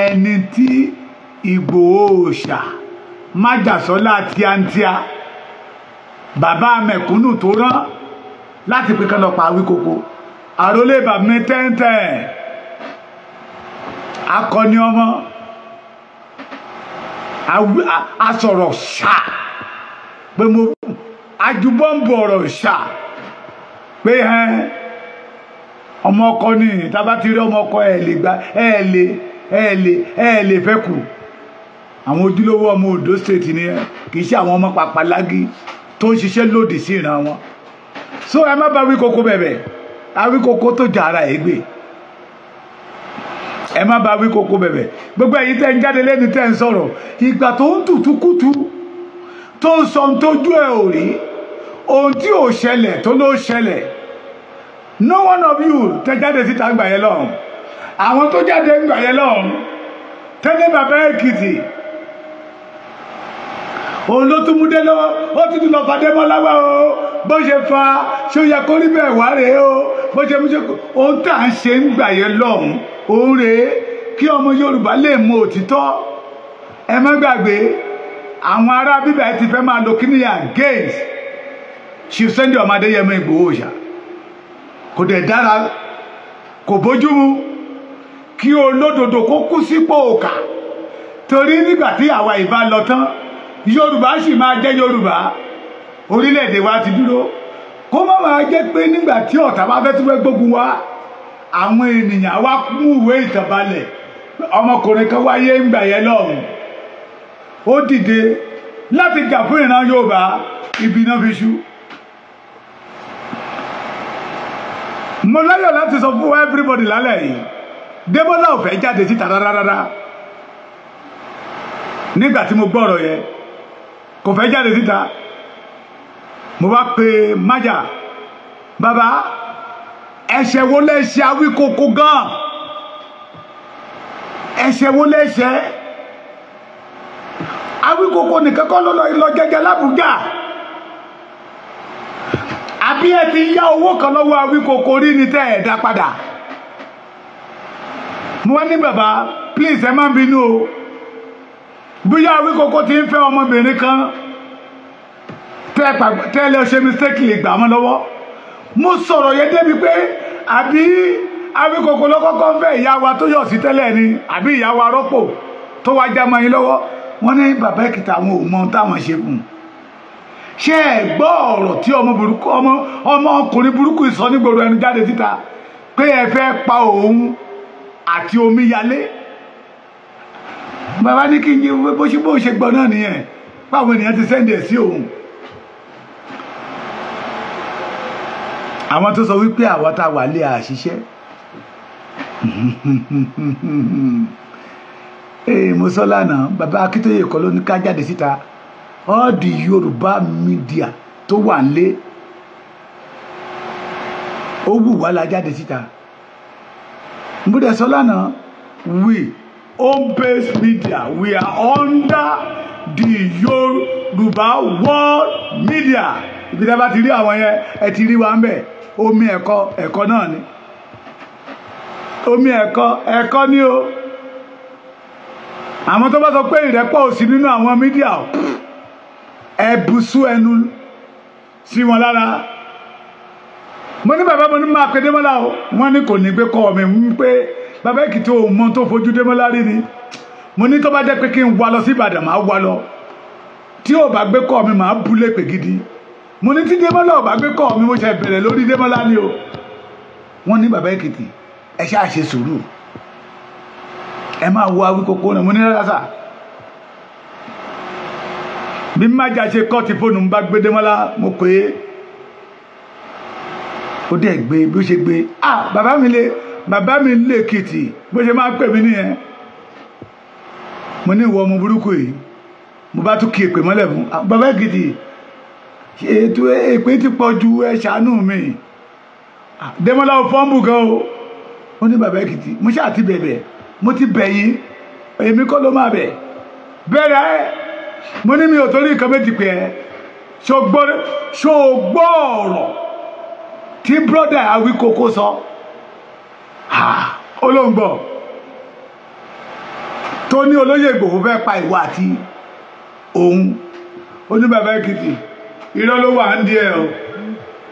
ẹni tí Ìgbòho òòṣà májàsọ́lá tíátíá bàbá mẹ̀kúnnù tó rán láti pé kán lọ pa bàbá mi tẹ́ńtẹ́ akọni ọmọ asọ̀rọ̀ ṣá pé mo ajubọ́ǹbù ọ̀rọ̀ ṣá pé hẹ́n ọmọ ọkọ ni tábà ti rí ọmọ ọkọ ẹ lè gba ẹ lè ẹ lè ẹ lè fẹ́ kù àwọn ojúlówó ọmọ Ondo state ni kì í ṣe àwọn ọmọ pàpàlágí tó ń ṣiṣẹ́ lòdì sí ìran wọn so ẹ má bá Awíkoko bẹ̀bẹ̀ Awíkoko tó jà ara ẹ̀ gbé ẹ má bá Awíkoko bẹ̀bẹ̀ gbogbo ẹ̀yin tẹ́ ń jáde lẹ́ni tẹ́ ń sọ̀rọ̀ ìgbà tó ń tutù kùtù tó ń sọ ohun tójú ẹ̀ ò rí ohun tí ò ṣẹlẹ̀ tó ló ṣẹlẹ̀ no one of you tẹ jáde síta gbà yẹn lọ́hùn àwọn tó jáde gbà yẹn lọ́hùn tẹ́lẹ̀ bàbá èkìtì òun ló tún mú dé lọ́wọ́ ó tún lọ fàdé mọ́ láwá o bó ṣe fa ṣé ó yẹ kó rí bẹ́ẹ̀ wá rèé o bó ṣe mú ṣe òun tà ń ṣe ń gbà yẹn lọ́hùn òun rèé kí ọmọ Yorùbá lè mọ òtítọ́ ẹ má gbàgbé àwọn ará bíbẹ̀ ti fẹ́ máa lo kíníyà gays ṣì sẹ́ńdì ọmọ Adéyẹmọ Ìgbòho ṣáà. kò dẹ̀ dára kò bójú mu kí olódodo kó kú sípò òkà torí nígbà tí àwa ìbá lọ tán yorùbá sì máa jẹ́ yorùbá orílẹ̀-èdè wa ti dúró kó má máa jẹ́ pé nígbà tí ọ̀tá bá fẹ́ tún fẹ́ gbógun wa àwọn ènìyàn wa mú ìwé ìtànbalẹ̀ ọmọkùnrin kan wáyé ńgbà yẹn lọ́hùn ó dìde láti jà fún ìran yorùbá ibi náà fi ṣú. mo láyọ̀ láti sọ fún everybody lálẹ́ yìí Débọ́lá ò fẹ́ jáde síta rárá rárá nígbà tí mo gbọ́rọ̀ yẹ kò fẹ́ jáde síta mo bá pe májà bàbá ẹ̀ṣẹ̀ wo lẹ́ṣẹ̀ awíkoko gan ẹ̀ṣẹ̀ wo lẹ́ṣẹ̀ awíkoko nìkan kọ́ ló lọ jẹjẹ lábùjá àbí ẹ ti yá owó kan lọ́wọ́ Awíkòkó rí ni tẹ́ ẹ̀ dá padà mo wá ní bàbá please ẹ má bínú o bóyá Awíkòkó ti ń fẹ́ ọmọbìnrin kan tẹ́ ẹ lọ ṣe mistake lè gbà mọ́ lọ́wọ́ mo sọ̀rọ̀ yẹn débi pé àbí Awíkòkó lọ́kọ́kọ́ ń fẹ́ ìyá wa tó yọ̀ sí tẹ́lẹ̀ ni àbí ìyá wa rọ́pò tó wá já mọ́ yín lọ́wọ́ wọ́n ní bàbá Èkìtì àwọn ò mọ táwọn ṣe fún un ṣé ẹ gbọ́ ọ̀rọ̀ tí ọmọ burúkú ọmọ ọmọ ọkùnrin burúkú sọ nígboro ẹnu jáde síta pé ẹ fẹ́ pa òun àti omíyalé bàbá ní kí n yí bó ṣe bó ṣe gbọ́ náà nìyẹn báwọn ènìyàn ti sẹ́ndì ẹ̀ sí òun. àwọn tó sọ wípé àwa tá a wà lé àṣìṣe ee mo sọ lánàá bàbá akíntóye kọ́ ló ní ká jáde síta all the Yoruba media tó wà nílé ó wù wá la jáde síta mbúdẹ̀sọ́ lánàá we home based media we are under the Yoruba world media ibi tẹ́ bá ti rí àwọn yẹn ẹ ti rí wa ń bẹ̀ omi ẹ̀kọ́ ẹ̀kọ́ náà ni omi ẹ̀kọ́ ẹ̀kọ́ ni o àwọn tó bá sọ pé ìrẹ́pọ̀ ò nínú àwọn mídíà o ẹ bùsù ẹnu sí wọn lára mo ní bàbá mo ní máa pe Démọ́lá o wọ́n ní kò ní gbé kọ́ mi ń pé bàbá Èkìtì ò mọ tó fojú Démọ́lá rí ni mo ní tó bá jẹ́ pé kí n wá lọ sí Ìbàdàn máa wá lọ tí ò bá gbé kọ́ mi máa bú lépè gidi mo ní tí Démọ́lá ò bá gbé kọ́ mi mo ṣe bẹ̀rẹ̀ lórí Démọ́lá ni o wọ́n ní bàbá Èkìtì ẹ ṣáà ṣe sùúrù ẹ máa wo awíkókó náà mo ní rárá sáà bí májà ṣe kọ́ ti fóònù ń bá gbédémọ́lá mo pè é ó dẹ̀ gbé bí ó ṣe gbé ah bàbá mi lè bàbá mi lè kìtì bó ṣe máa ń pè mí nìyẹn mo ní ìwọ ọmọ burúkú yìí mo bá tún kí èpè mọ́lẹ̀ fún bàbá èkìtì ètò èpè ti pọ̀ ju ẹ mi démọ́lá ò fọ́ǹbù gan o ó ní bàbá èkìtì mo ṣáà ti bẹ̀bẹ̀ mo ti bẹ̀ yín èmi kọ́ ló máa bẹ̀ bẹ́ẹ̀ rẹ̀ mo ní mi ò torí nǹkan méjì pé ẹ ṣó gbọ́ ọ̀rọ̀ tí brọ́dà Awíkókó sọ olóńgbò tó ní olóyè Ìgbòho fẹ́ pa ìwà àti òun oníbàbá Èkìtì irọ́ ló wà ń di ẹ o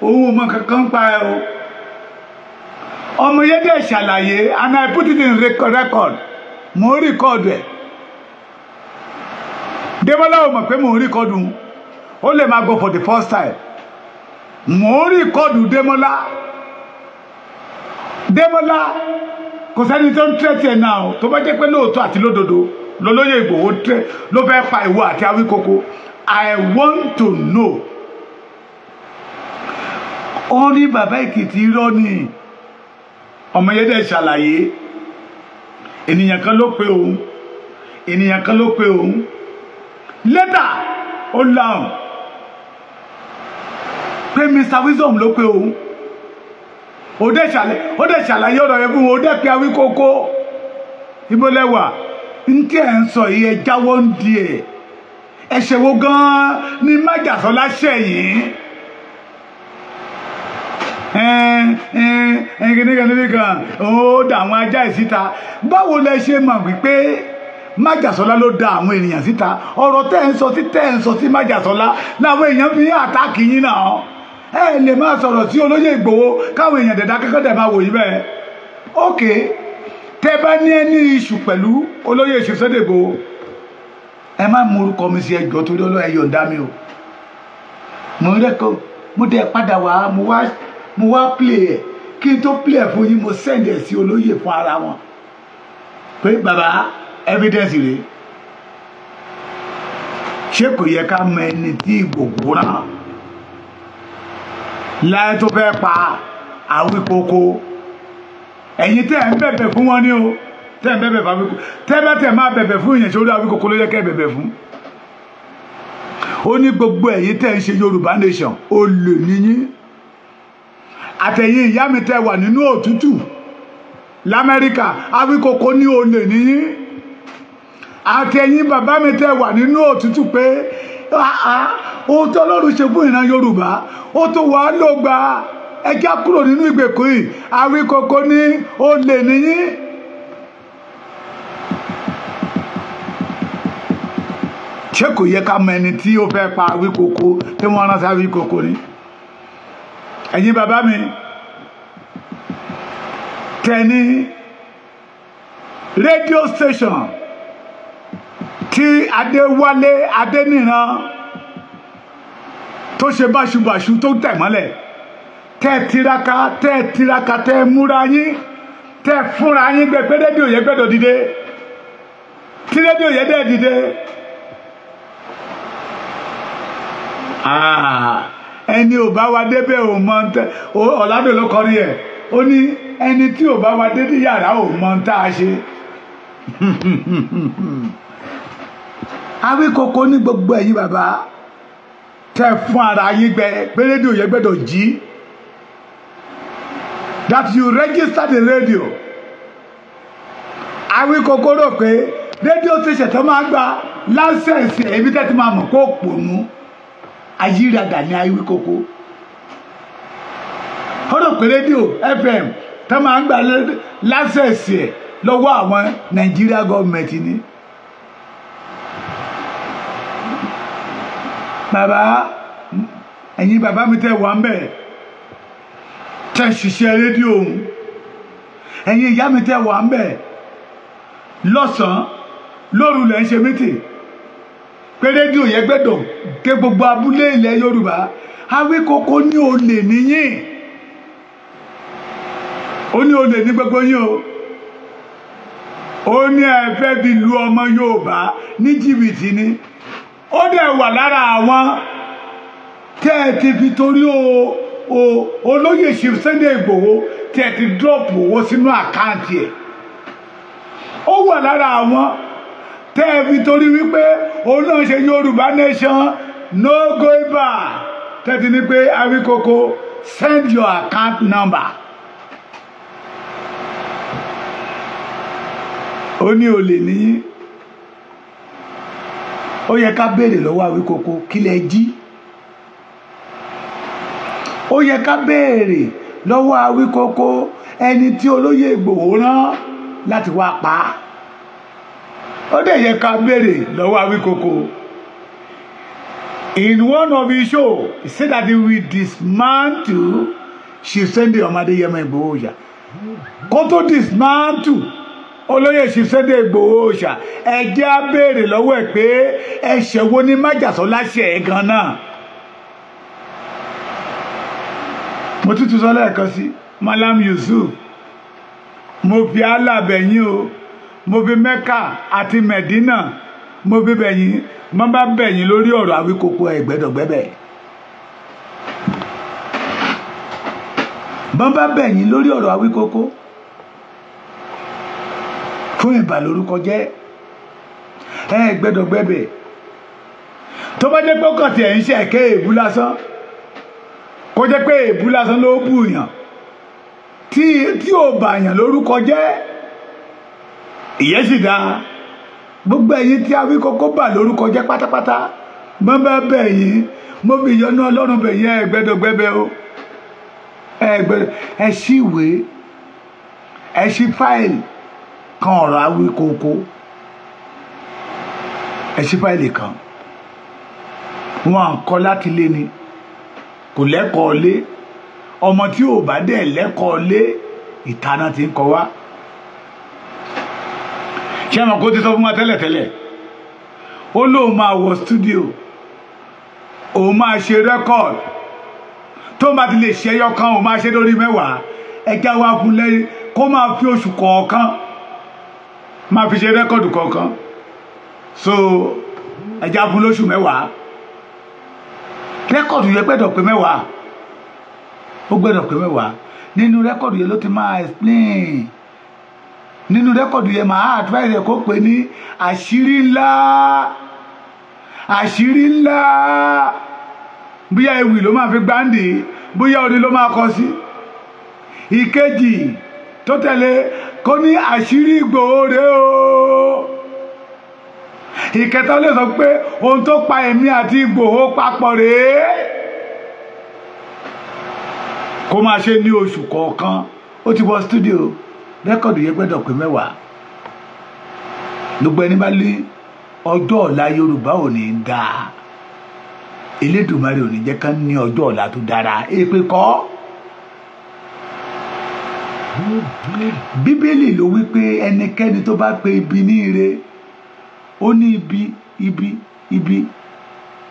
òun ò mọ kankan pa ẹ o ọmọ yẹn dẹ̀ ṣàlàyé and I put it in record mo ń rìkọ́ọ̀dù ẹ̀. Débọ́lá ò mọ̀ pé mò ń rìkọ́dù ó lè máa gbọ́ for the first time mò ń rìkọ́dù Débọ́lá Débọ́lá kò sẹ́ni tó ń tẹ́tí ẹ̀ náà tó bá jẹ́ pé lóòótọ́ àti lódodo lọ́lọ́yẹ̀ Ìgbòho tẹ́ ló fẹ́ pa ìwọ àti Awíkókó I want to know ó ní bàbá Èkìtì irọ́ ni ọmọyédè ṣàlàyé ènìyàn kan ló pe òun ènìyàn kan ló pe òun lẹ́tà ó láhùn pé Mr Wisdom ló pe òun ó dẹ̀ ṣàlàyé ọ̀rọ̀ yẹn fún wọn ó dẹ̀ pe Awíkókó ibo lẹ́wà ntí ẹ̀ ń sọ yìí ẹ jáwọ́ ń di ẹ̀ ẹ̀ṣẹ̀ wo gan-an ni májàsọ́lá ṣẹ̀ yìí ẹ̀ẹ́n ẹ̀ẹ́n kìnnìkan kìnnìkan ó dà àwọn ajá ìsíta báwo lẹ ṣe mọ̀ wípé májàsọ́lá ló da àwọn ènìyàn síta ọ̀rọ̀ tẹ́ ń sọ sí tẹ́ ń sọ sí májàsọ́lá làwọn èèyàn fi àtàkì yín náà ẹ lè máa sọ̀rọ̀ sí olóyè ìgbòho káwọn èèyàn dẹ̀dá kẹ́kọ̀ọ́ dẹ̀ máa wò yín bẹ́ẹ̀ ok tẹ́ bá ní ẹni iṣu pẹ̀lú olóyè iṣu sódèbò ẹ má mú orúkọ mi sí ẹjọ́ torí ọlọ́ ẹyọ̀ ǹdá mi o mo rẹ́kọ̀ mo dẹ̀ padà wá mo wá mo wá play ẹ̀ kí n tó play fún yín mo send sí olóyè fún ara wọn pé bàbá evidence rèé ṣé kò yẹ ká mọ ẹni tí ìgbòkú rán láyé tó fẹ́ pa àwíkoko ẹ̀yin tẹ́ ẹ̀ ń bẹ̀bẹ̀ fún wọn ní o tẹ́ ẹ̀ ń bẹ̀bẹ̀ fún àwíkoko tẹ́ bá tẹ̀ máa bẹ̀bẹ̀ fún ìyẹn sórí àwíkoko ló yẹ kẹ́ bẹ̀bẹ̀ fún ó ní gbogbo ẹ̀yin tẹ́ ń ṣe Yorùbá nation olè níyín àtẹ̀yìn ìyá mi tẹ́ wà nínú òtútù l'Amẹ́ríkà àwíkoko ní olè níyín àtẹ̀yìn bàbá mi tẹ́ wà nínú òtútù pé ohun tó lọ́rùn ṣe fún ìran yorùbá ó tó wàá lò gbà ẹ já kúrò nínú ìgbèkùn yìí àwíkoko ní olè nìyí. ṣé kò yẹ ká mọ ẹni tí ó fẹ́ pa àwíkoko tí wọ́n rán sí àwíkoko ni ẹ̀yin bàbá mi tẹ̀ ní rédíò station tí adéwálé adéníran tó ṣe báṣubàṣu tó tẹ̀ mọ́lẹ̀ tẹ́ tiraka tẹ́ tiraka tẹ́ múra yín tẹ́ fúnra yín gbé pé rédíò yẹn gbẹ́dọ̀ dìde tí rédíò yẹn dẹ́ dìde ah, ẹni ò bá wa débẹ̀ ò mọ tẹ ọ̀làdùn ló kọrin ẹ̀ ó ní ẹni tí ò bá wa dé ní yàrá ò mọ tá a ṣe. Awíkoko ní gbogbo ẹ̀yin Baba. tẹ fún ara yín gbẹ pé rédíò yẹn gbẹ́dọ̀ jí that you register the radio Awíkoko rò pé rédíò ti ṣẹ̀tọ́ máa gba láńsẹ̀nsì ẹ̀mí tẹ́tí máa mọ̀ kó pònú ayírada ní Awíkoko ó rò pé rédíò FM tẹ́ máa ń gba láńsẹ̀nsì ẹ̀ lọ́wọ́ àwọn Nàìjíríà gọ́ọ̀mẹ̀ntì ni. bàbá ẹ̀yin bàbá mi tẹ́ wà ń bẹ̀ tẹ́ ṣiṣẹ́ rédíò ọ̀hún ẹ̀yin ìyá mi tẹ́ wà ń bẹ̀ lọ́sàn-án lóru lẹ́ ń ṣe mítì pé rédíò yẹn gbẹ́dọ̀ dé gbogbo abúlé ilẹ̀ Yorùbá Awíkókó ní olè níyìn ó ní olè ní gbogbo yín o ó ní ẹ fẹ́ bí lu ọmọ Yorùbá ní jìbìtì ni. Jibitini ó dẹ̀ wà lára àwọn tẹ́ ẹ ti fi torí o o olóyè Chief Sunday Igboho tẹ́ ẹ ti dọ́ọ̀pù owó sínú àkáǹtì ẹ̀ ó wà lára àwọn tẹ́ ẹ fi torí wípé òun náà ṣe Yorùbá nation no going back tẹ́ ti ní pé Awíkókó send your account number. ó ní olè níyí ó yẹ ká béèrè lọ́wọ́ Awíkókó kí lẹ jí ó yẹ ká béèrè lọ́wọ́ Awíkókó ẹni tí olóyè Ìgbòho rán láti wá pa á ó dẹ̀ yẹ ká béèrè lọ́wọ́ Awíkókó. In one of his show, he said that he will dismantle She send Sunday Ọmọdé Yẹmọ Ìgbòho Ọjà. Kó tó dismantle olóyè ṣiṣẹ́dẹ̀ Ìgbòho Òòṣà ẹjẹ́ á béèrè lọ́wọ́ ẹ̀ pé ẹ̀ṣẹ̀ wo ni májàsọ́lá ṣe ẹ̀ gan náà mo tútù sọ lẹ́ẹ̀kan sí Malam Yusuf mo fi Allah bẹ̀yìn o mo fi Mẹ́kà àti Mẹ̀dínà mo fi bẹ̀yìn mo bá bẹ̀yìn lórí ọ̀rọ̀ àwíkókó ẹ̀gbẹ́dọ̀gbẹ́bẹ̀ mo bá bẹ̀yìn lórí ọ̀rọ̀ àwíkókó fún ìbà lórúkọ jẹ́ ẹ gbẹ́dọ̀ gbẹ́bẹ̀ tó bá jẹ́ pé ó kàn tiẹ̀ ń ṣe ẹ̀kẹ́ èébú lásán kó jẹ́ pé èébú lásán ló bù yàn tí tí ò bàyàn lórúkọ jẹ́ ìyẹn sì dáa gbogbo ẹ̀yin tí a wí kókó bà lórúkọ jẹ́ pátápátá mo bá bẹ̀ yín mo fi ìyọnú ọlọ́run bẹ̀ yín ẹ gbẹ́dọ̀ o ẹ gbẹ́dọ̀ ẹ ṣí ìwé fáìlì kan ọ̀rọ̀ awí koko ẹ ṣí fáìlì kan wọn kọ láti lé ni kò lẹ́kọ̀ọ́ lé ọmọ tí ò bá dẹ̀ lẹ́kọ̀ọ́ lé ìtana ti ń kọ wá ṣé àwọn kò ti sọ fún wa tẹ́lẹ̀tẹ́lẹ̀ ó lóun máa wọ stúdíò òun máa ṣe rẹ́kọ̀d tó bá ti lè ṣe ẹyọ kan òun máa ṣe lórí mẹ́wàá ẹja wa fún kó máa fi oṣù kọ̀ọ̀kan máa fi ṣe rẹ́kọ̀dù kọ̀ọ̀kan so ẹja fún lóṣù mẹ́wàá rẹ́kọ̀dù yẹn gbẹ́dọ̀ pé mẹ́wàá ó gbẹ́dọ̀ pé mẹ́wàá nínú rẹ́kọ̀dù yẹn ló ti máa explain nínú rẹ́kọ̀dù yẹn máa advice kó pè ní àṣírí ńlá àṣírí ńlá bóyá ewì ló máa fi gbáǹdì bóyá orin ló máa kọ sí ìkejì tó tẹ̀lé kó ní àṣírí Ìgbòho rèé o ìkẹta lè sọ pé ohun tó pa èmi àti Ìgbòho papọ̀ rèé kó máa ṣe ní oṣù kọ̀ọ̀kan ó ti wọ stúdíò rẹ́kọ̀dù yẹn gbẹ́dọ̀ pé mẹ́wàá gbogbo ẹni bá lé ọjọ́ ọ̀la Yorùbá ò ní dáa Elédùmarè ò ní jẹ́ ká ní ọjọ́ ọ̀la tó dára èpè kọ́ bíbélì ló wí pé ẹnikẹ́ni tó bá pe ibi ní ire ó ní ibi ibi ibi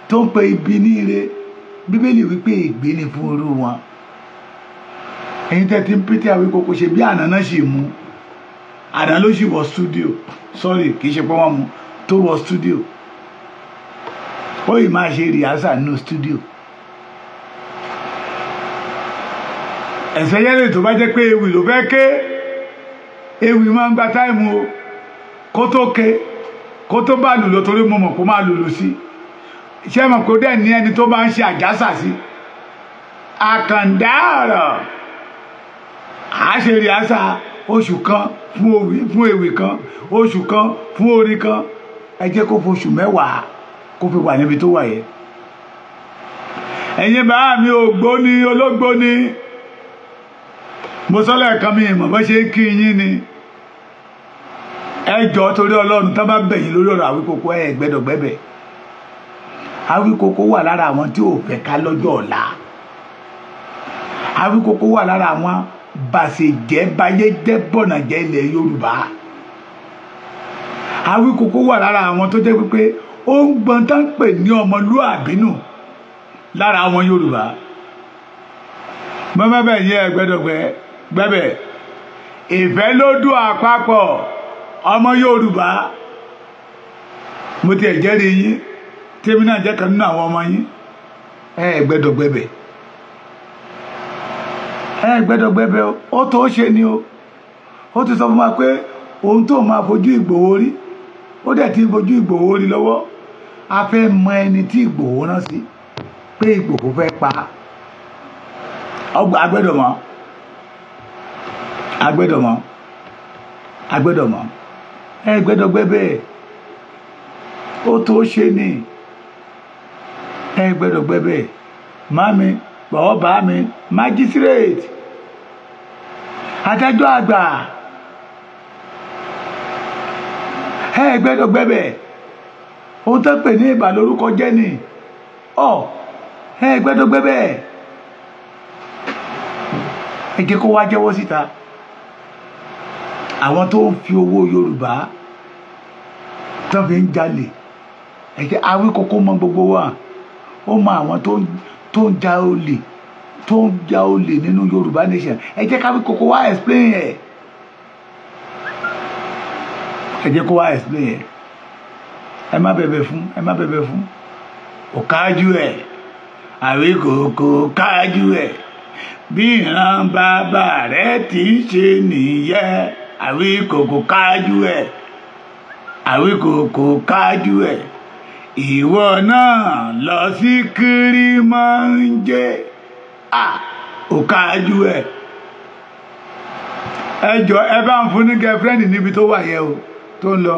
tó ń pe ibi ní ire bíbélì wí pé ègbé ni fún irú wọn ẹ̀yin tẹ́ ti ń pété àwọn ìkókó ṣe bí àná náà ṣì mú àná ló sì wọ studio sorry kì í ṣe pé wọ́n mú tó wọ studio ó yìí máa ṣe rìhásà nínú studio. ẹ̀sẹ̀ yẹn lè tó bá jẹ́ pé ewì ló fẹ́ ké ewì máa ń gba táìmù o kó tó ké kó tó bá lùlọ torí mo mọ̀ kó máa lùlù sí ṣé mọ̀ kó dẹ̀ ní ẹni tó bá ń ṣe àjásà sí àkàndá ọ̀rọ̀ àṣeré àṣà oṣù kan fún ewì kan oṣù kan fún orin kan ẹ jẹ́ kó foṣù mẹ́wàá kó fi wà níbi tó wà yẹn ẹ̀yin bá mi ògbóni ológbóni mo sọ́lẹ̀ kan mi ìmọ̀ bó ṣe ń kí yín ni ẹjọ́ torí ọlọ́run tán bá bẹ̀yìn lórí ọ̀rọ̀ Awíkókó ẹ̀ gbẹ́dọ̀gbẹ́bẹ̀ Awíkókó wà lára àwọn tí ò fẹ́ ká lọ́jọ́ ọ̀la Awíkókó wà lára àwọn bàṣẹ̀jẹ́ bayéjẹ́ bọ̀nàjẹ́ ilẹ̀ Yorùbá Awíkókó wà lára àwọn tó jẹ́ pé ó ń gbọ́n tán pè ní ọmọlúàbí nù lára àwọn Yorùbá mọ́mọ́bẹ̀ yẹ ẹgbẹ́dọ̀gbẹ́ gbẹbẹ ìfẹ́ ló dùn àpapọ̀ ọmọ Yorùbá mo ti ẹ̀jẹ̀rìí yín tèmi náà jẹ́ kan nínú àwọn ọmọ yín ẹ ó ṣe ni o ó ti sọ fún wa pé ohun tó máa fojú Ìgbòho rí ó dẹ̀ ti fojú Ìgbòho rí lọ́wọ́ a fẹ́ mọ ẹni tí Ìgbòho rán sí pé Ìgbòho fẹ́ pa agbẹ́dọ̀ mọ́ agbẹ́dọ̀ mọ́ ẹ gbẹ́dọ̀ gbẹ́ bẹ́ẹ̀ ó tó ṣe ni ẹ gbẹ́dọ̀ gbẹ́ bẹ́ẹ̀ mami bọ̀wọ́ bá mi májísírèètì adájọ́ àgbà ẹ gbẹ́dọ̀ gbẹ́ bẹ́ẹ̀ ó tẹ́ pè ní ìbà lórúkọ jẹ́ ni ọ ẹ gbẹ́dọ̀ gbẹ́ bẹ́ẹ̀ ẹ jẹ́ kó wá jẹ́wọ́ síta àwọn tó ń fi owó yorùbá tán fi ń jalè ẹ̀kẹ́ awíkókó mọ gbogbo wa ó mọ àwọn tó ń ja olè tó ń ja olè nínú yorùbá nation ẹ jẹ́ káwíkókó wá explain ẹ̀ ẹ jẹ́ kó wá explain ẹ̀ ẹ má bẹ̀bẹ̀ fún ẹ má bẹ̀bẹ̀ fún kò káájú ẹ̀ àwíkókó káájú ẹ̀ bí ìran bàbá rẹ̀ ti ṣe nìyẹn. àwí kòkò káájú ẹ̀ àwí kòkò káájú ẹ̀ ìwọ náà lọ sí Kirimanjé à ò káájú ẹ̀ ẹ jọ ẹ bá ń fún ní gẹfúrẹ́ndì níbi tó wà yẹ o tó ń lọ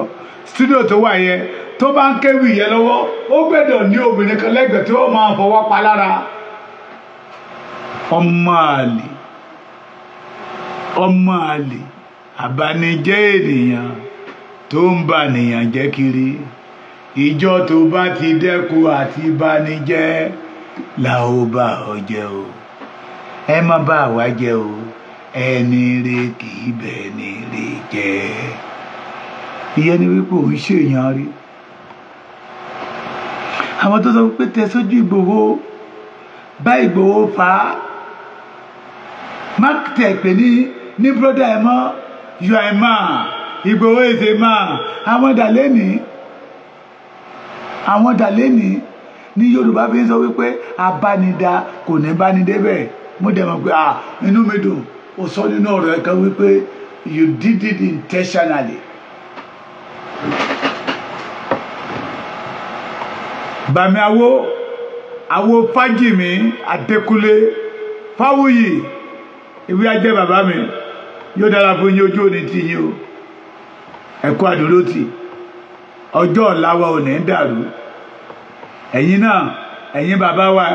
stúdíò tó wà yẹ tó bá ń kéwì yẹ lọ́wọ́ ó gbẹ́dọ̀ ní obìnrin kan lẹ́gbẹ̀ẹ́ tí ó máa fọwọ́ pa lára ọmọ àlè ọmọ àlè àbánijẹ́ ènìyàn tó ń ba nìyàn jẹ́ kiri ìjọ tó bá ti dẹ́kun àti banijẹ́ là ó bà ọ́ jẹ́ o ẹ má bà wá jẹ́ o ẹni rè kì í bẹ́ẹ̀ ni rè jẹ́ ìyẹn ni wípé òun ṣèyàn rí àwọn tó sọ pé tẹ sójú Ìgbòho bá Ìgbòho fà á má tẹ̀ pé ní ní bróda ẹ mọ́ you are a man Igboho is a man àwọn dàlẹ́ni àwọn dàlẹ́ni ní Yorùbá fi ń sọ wípé abánidá kò ní bá ní débẹ̀ mo dẹ̀ mọ̀ pé ah inú mi dùn ó sọ nínú ọ̀rọ̀ ẹ̀ kan wípé you did it intentionally. bàmí awo awo fájìmí Adékúnlé Fáwùyì ìwé ajé bàbá mi. yóò dára fún yín ojú òní ti yín o ẹ̀kọ́ àdúró tì ọjọ́ ọ̀la wa ò ní dàrú ẹ̀yin náà ẹ̀yin bàbá wa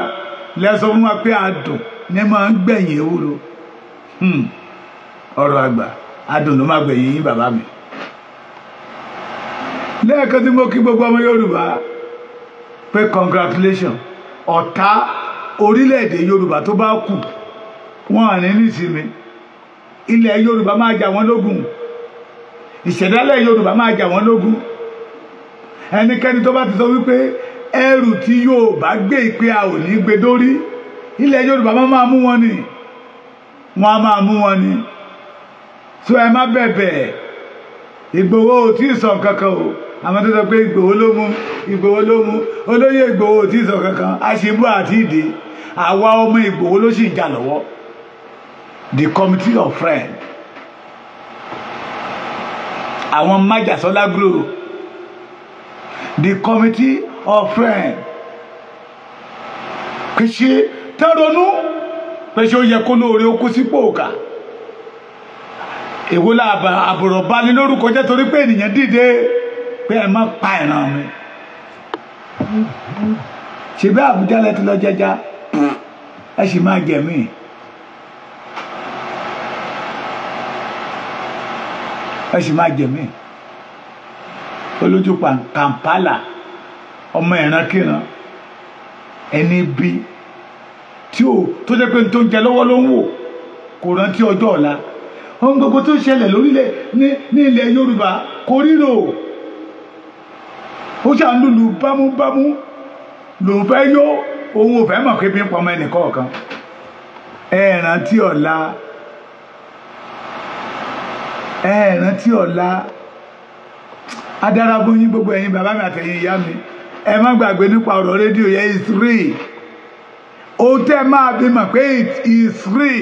lẹ́sọ fún wa pé adùn ní máa ń gbẹ̀yìn ewúro hmm. ọ̀rọ̀ àgbà adùn ló máa gbẹ̀yìn yín bàbá mi lẹ́ẹ̀kan tí mo kí gbogbo ọmọ Yorùbá pé congratulation ọ̀tá orílẹ̀-èdè Yorùbá tó bá kù wọ́n à ní nísìmí ilẹ̀ Yorùbá máa jà wọ́n lógun ìṣẹ̀dálẹ̀ Yorùbá máa jà wọ́n lógun ẹnikẹ́ni tó bá ti sọ wípé ẹrù tí Yorùbá gbé ìpè a ò ní gbé dórí ilẹ̀ Yorùbá máa máa mú wọn ni wọn a máa mú wọn ni so ẹ má bẹ̀bẹ̀ Ìgbòho ò tí ì sọ kankan o àwọn tó sọ pé Ìgbòho ló mú Ìgbòho ló mú olóyè Ìgbòho ò tí ì sọ kankan àṣìbú àti ìdè àwa ọmọ Ìgbòho ló sì ń jà lọ́wọ́ the committee of friends àwọn májàsọ́lá group the committee of friends kì í ṣe tẹ́rọnú pé ṣé ó yẹ kó lóore ó kú sípò òkà èwo la àbùrọ̀ bá ní lórúkọ jẹ́ torí pé ènìyàn dìde pé ẹ má pa ìran mi ṣe bí Àbújá lẹ ti ẹ sì máa jẹ ẹ sì máa jẹ̀mí olójú Kampala ọmọ ìrankíran ẹni bí tí ò tó jẹ́ pé tó ń jẹ lọ́wọ́ ló ń wò kò rántí ọjọ́ ọ̀la ohun gbogbo tó ṣẹlẹ̀ lórílẹ̀ ní ilẹ̀ Yorùbá kò ríro ó ṣàlùlù bámúbámú lòun fẹ́ yó òun ò fẹ́ mọ̀ pé bí ń pọmọ ẹnì kọ̀ọ̀kan ẹ rántí ọ̀la. ẹ rántí ọ̀la adarabo yín gbogbo ẹ̀yin bàbá mi àtẹ̀yìn ìyá mi ẹ má gbàgbé nípa ọ̀rọ̀ rédíò yẹn ìsírí ohun tẹ́ máa bí mọ̀ pé ìsírí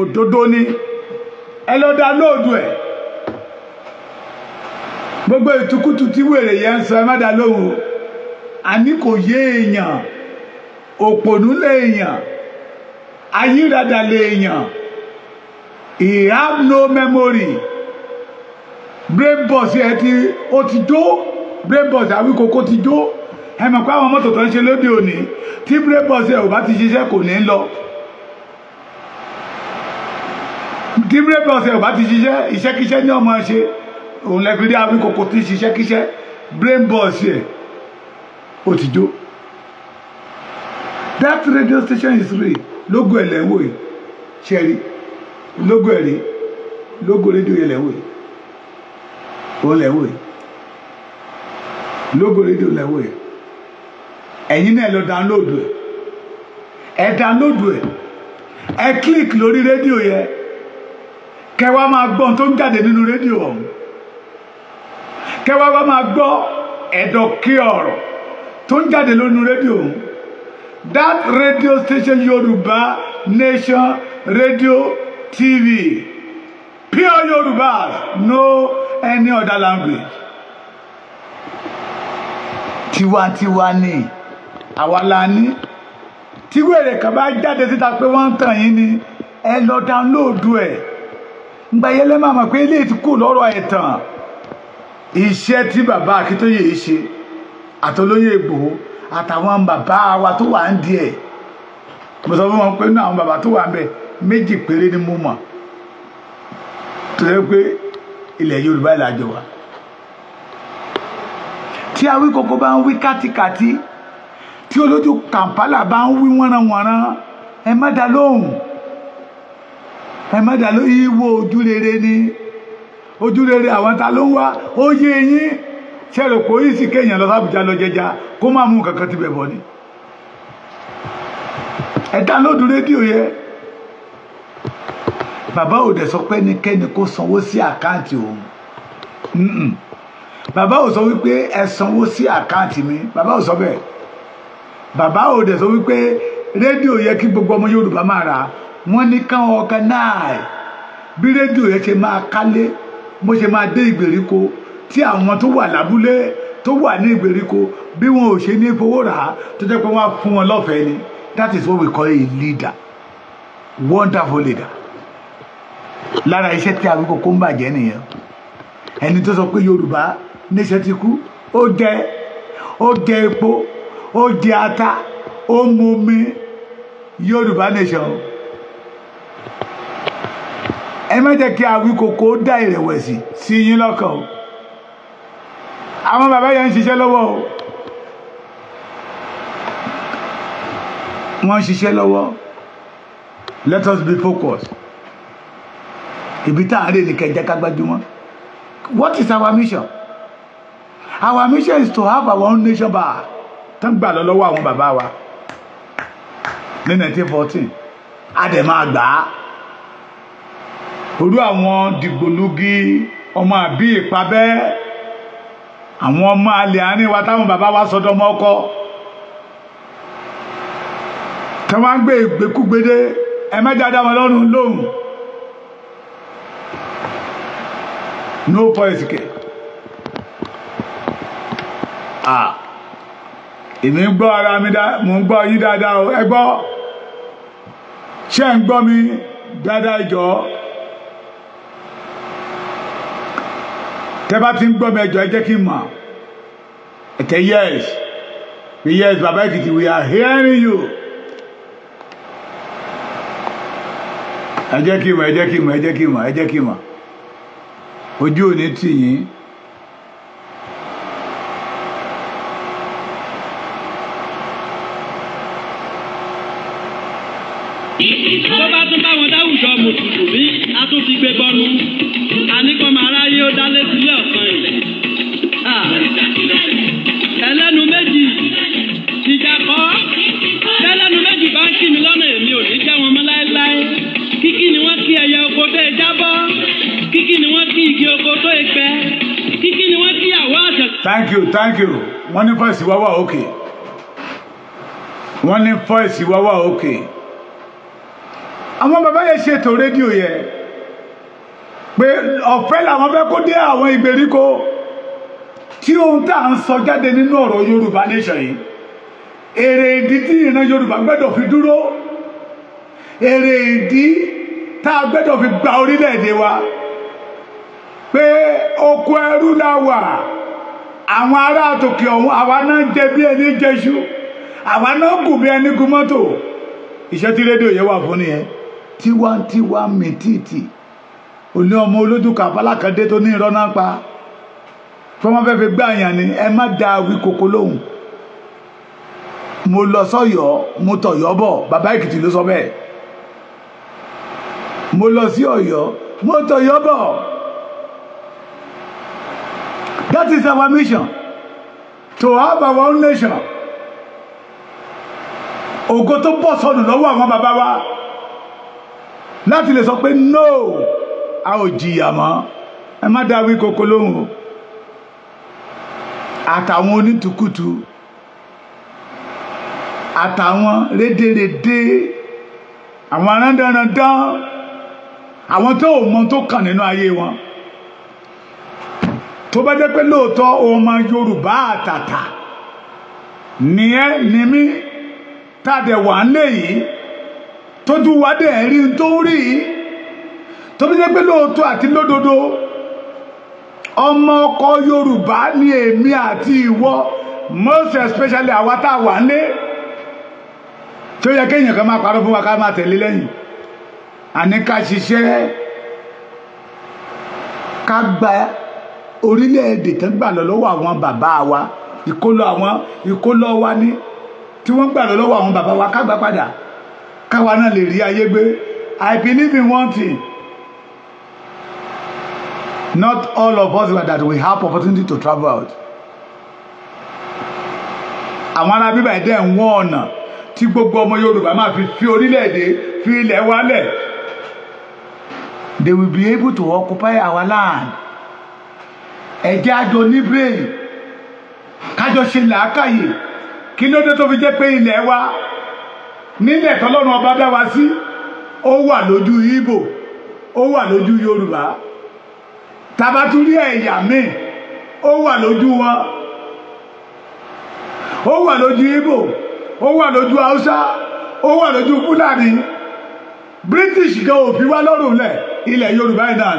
òdodo ni ẹ lọ da lóòdù ẹ̀ gbogbo ìtukùtù tí wèrè yẹn ń sọ ẹ má lóhùn àní kò yé èèyàn òpònú lèèyàn ayírada lèèyàn no memory. brain bus yẹn ti ó ti jó brain bus Awíkókó ti jó ẹ mọ̀ pé àwọn mọ́tò tó ń ṣe lóde òní tí brain bus yẹn ò bá ti ṣiṣẹ́ kò ní lọ tí brain bus yẹn ò bá ti ṣiṣẹ́ iṣẹ́kíṣẹ́ ní ọmọ ṣe òun lẹ́gbẹ̀ẹ́ dé Awíkókó ti ṣiṣẹ́kíṣẹ́ brain bus yẹn ó ti jó that radio station is real logo ẹ̀ lẹ́wọ̀ yìí ṣẹ́rí logo ẹ̀ rí logo rédíò yẹn lẹ́wọ̀ yìí òun lẹ̀ wò yìí lógo rédíò lẹ̀ wò yìí ẹ̀yin náà lọ download ẹ̀ ẹ̀ download ẹ̀ ẹ̀ click lórí rédíò yẹn kẹwàá máa gbọ́ tó ń jáde nínú rédíò ọ̀hún kẹwàá wá máa gbọ́ ẹ̀dọ̀ kí ọ̀rọ̀ tó ń jáde lónú rédíò ọ̀hún that radio station Yorùbá Nation Radio TV pure Yorùbá no any other language tiwantiwa ni àwa la ní tí wèrè kan bá jáde síta pé wọ́n ń tàn yín ni ẹ lọ dáńlóòdù ẹ̀ ńgbà yẹn lẹ́ máa mọ̀ pé eléyìí ti kù lọ́rọ̀ ẹ̀tàn iṣẹ́ tí bàbá Akíntóyè ṣe àtolóyè Ìgbòho àtàwọn bàbá wa tó wà ń di ẹ̀ mo sọ fún wọn pé nínú àwọn bàbá tó wà ń bẹ̀ méjì péré ni mo mọ̀ tó yẹ pé ilẹ̀ Yorùbá ìlàjọ wa tí Awíkókó bá ń wí kátikàti tí olójú Kampala bá ń wí wọ́nranwọ̀nran ẹ má dá lóhùn ẹ má dá lóhùn ìwo ojúrere ni ojúrere àwọn ta ló ń wá ó yé yín ṣẹlẹ̀ kò yìí sì kéèyàn lọ sábùjá lọ jẹjà kó má mú nǹkan ti bẹ̀ bọ̀ ni ẹ dá lódù rédíò yẹn bàbá ò dẹ̀ sọ pé ẹnikẹ́ni kó sanwó sí àkáǹtì òun bàbá ò sọ wípé ẹ sanwó sí àkáǹtì mi bàbá ò sọ bẹ́ẹ̀ bàbá ò dẹ̀ sọ wípé rédíò yẹ kí gbogbo ọmọ Yorùbá máa rà wọ́n ní káwọn ọkàn náà bí rédíò yẹ ṣe máa kálé bó ṣe máa dé ìgbèríko tí àwọn tó wà lábúlé tó wà ní ìgbèríko bí wọn ò ṣe ní fowó rà á tó jẹ́ pé wọ́n á fún wọn lọ́fẹ̀ẹ́ ni that is what we call a leader wonderful leader lára iṣẹ́ tí Awikonko kó ń bàjẹ́ nìyẹn ẹni tó sọ pé Yorùbá níṣẹ́ ti kú ó jẹ ó jẹ epo ó jẹ ata ó mu omi Yorùbá nation ẹ má jẹ́ kí Awikonko dá ìrẹ̀wẹ̀sì sí yín lọ́kàn o àwọn bàbá yẹn ń ṣiṣẹ́ lọ́wọ́ o wọ́n ń ṣiṣẹ́ lọ́wọ́ let us be focused ibi tá à ń rè ní kẹjẹ ká gbajúmọ̀ what is our mission our mission is to have our own nation bar. tán gbà lọ lọ́wọ́ àwọn bàbá wa ní 1914 a dẹ̀ máa gbà á orú àwọn dìgbòlugi ọmọ àbí ìpabẹ́ àwọn ọmọ alẹ́ àárín wa táwọn bàbá wa sọdọ́ ọmọ ọkọ tẹ́wọ́n á gbé ìgbékúgbédé ẹ̀mẹ́jáde àwọn ọlọ́run lóhùn. no point ke ah èmi ń gbọ́ ara mi dá mò ń gbọ́ yín dáadáa o ẹ gbọ́ ṣé ń gbọ́ mi dáadáa jọ tẹ ti ń gbọ́ mi ẹjọ́ ẹ jẹ́ kí n mọ̀ ẹ̀tẹ̀ yes yes baba Ekiti we are hearing you ẹ jẹ́ kí n mọ̀ ẹ jẹ́ kí n mọ̀ ẹ jẹ́ ojú ò ní tì yín. tó bá tún báwọn dáwùjọ mùsùlùmí a tún ti gbé gbọ́nu àníkànmọ́ aráyé ó dálé sílé ọ̀kan yìí. ẹlẹ́nu méjì ìjà kọ́ ẹlẹ́nu méjì bá ń kí mi lọ́nà èmi ò ní jẹ́ wọn mọ́ láéláé kíkí ni wọ́n kí ẹyẹ oko tó ẹ jábọ́ kíkí ni wọ́n kí igi oko tó ẹ gbẹ kíkí ni wọ́n kí àwọ̀ àtẹ. thank you thank you wọ́n ní fọ́ọ̀sì wá wà òkè wọ́n ní fọ́ọ̀sì wá wà òkè àwọn bàbá yẹn ṣètò rédíò yẹn pé ọ̀fẹ́ làwọn fẹ́ kó dé àwọn ìgbèríko tí ohun tá à ń sọ jáde nínú ọ̀rọ̀ Yorùbá nation yìí èrè ìdí tí ìran Yorùbá gbẹ́dọ̀ fi dúró èrè ìdí tá a gbẹ́dọ̀ fi gba orílẹ̀-èdè wa pé oko ẹrú la wà àwọn ará àtòkè ọ̀hún àwa náà ń jẹ bí ẹni jẹṣú àwa náà gùn bí ẹni gun mọ́tò iṣẹ́ tí rédíò yẹn wà fún nìyẹn tiwantiwa mìtìtì òní ọmọ olójú kàbálà kan dé tó ní irọ́ náà pa fọmọ fẹ́ fi gbá àyàn ni ẹ má da àwí kòkó lóhùn mo lọ sọ́yọ́ mo tọ̀yọ́ bọ̀ bàbá èkìtì ló sọ bẹ́ẹ̀ mo lọ sí Ọ̀yọ́ mo tọ̀yọ́ bọ̀ that is our mission to have our own nation ògo tó bọ́ sọnù lọ́wọ́ àwọn bàbá wa láti lè sọ pé no a ò jìyà mọ́ ẹ má dá wí koko lóhùn o àtàwọn onítùkùtù àtàwọn rédèrèdè àwọn arándanrandan àwọn tó ò mọ tó kàn nínú ayé wọn tó bá jẹ́ pé lóòótọ́ ọmọ yorùbá àtàtà nìyẹn ni mí tàdé wà ń lè yìí tójú wa dẹ̀ rí tó ń rí tó bá jẹ́ pé lóòótọ́ àti lódodo ọmọ ọkọ yorùbá ni èmi àti ìwọ most especially àwa tá a wà ń lé tó yẹ kéèyàn kan máa parọ́ fún wa ká máa tẹ̀lé lẹ́yìn àní ká ṣiṣẹ́ ká gba orílẹ̀-èdè tán gbà lọ lọ́wọ́ àwọn bàbá wa ìkólọ àwọn ìkólọ wa ní tí wọ́n gbà lọ lọ́wọ́ àwọn bàbá wa ká gbà padà káwa náà lè rí ayé gbé I believe in one thing not all of us were that we have opportunity to travel out àwọn ará bíbá ẹ̀dẹ́ ń wọ́n ọ̀nà tí gbogbo ọmọ Yorùbá máa fi fi orílẹ̀-èdè fi ilẹ̀ wálẹ̀ they will be able to occupy our land ẹ jẹ́ àjọ níbẹ̀ kájọ ṣe làákàyè kí ló dé tó fi jẹ́ pé ilẹ̀ wa nílẹ̀ tọ́lọ́run ọba dá wa sí ó wà lójú Ìgbò ó wà lójú Yorùbá tabatúrí ẹ̀yà míì ó wà lójú wọn ó wà lójú Ìgbò ó wà lójú Haúsá ó wà lójú Fúlàní British gan ò fi wá lọ́rùn lẹ̀. ilẹ̀ Yorùbá yìí náà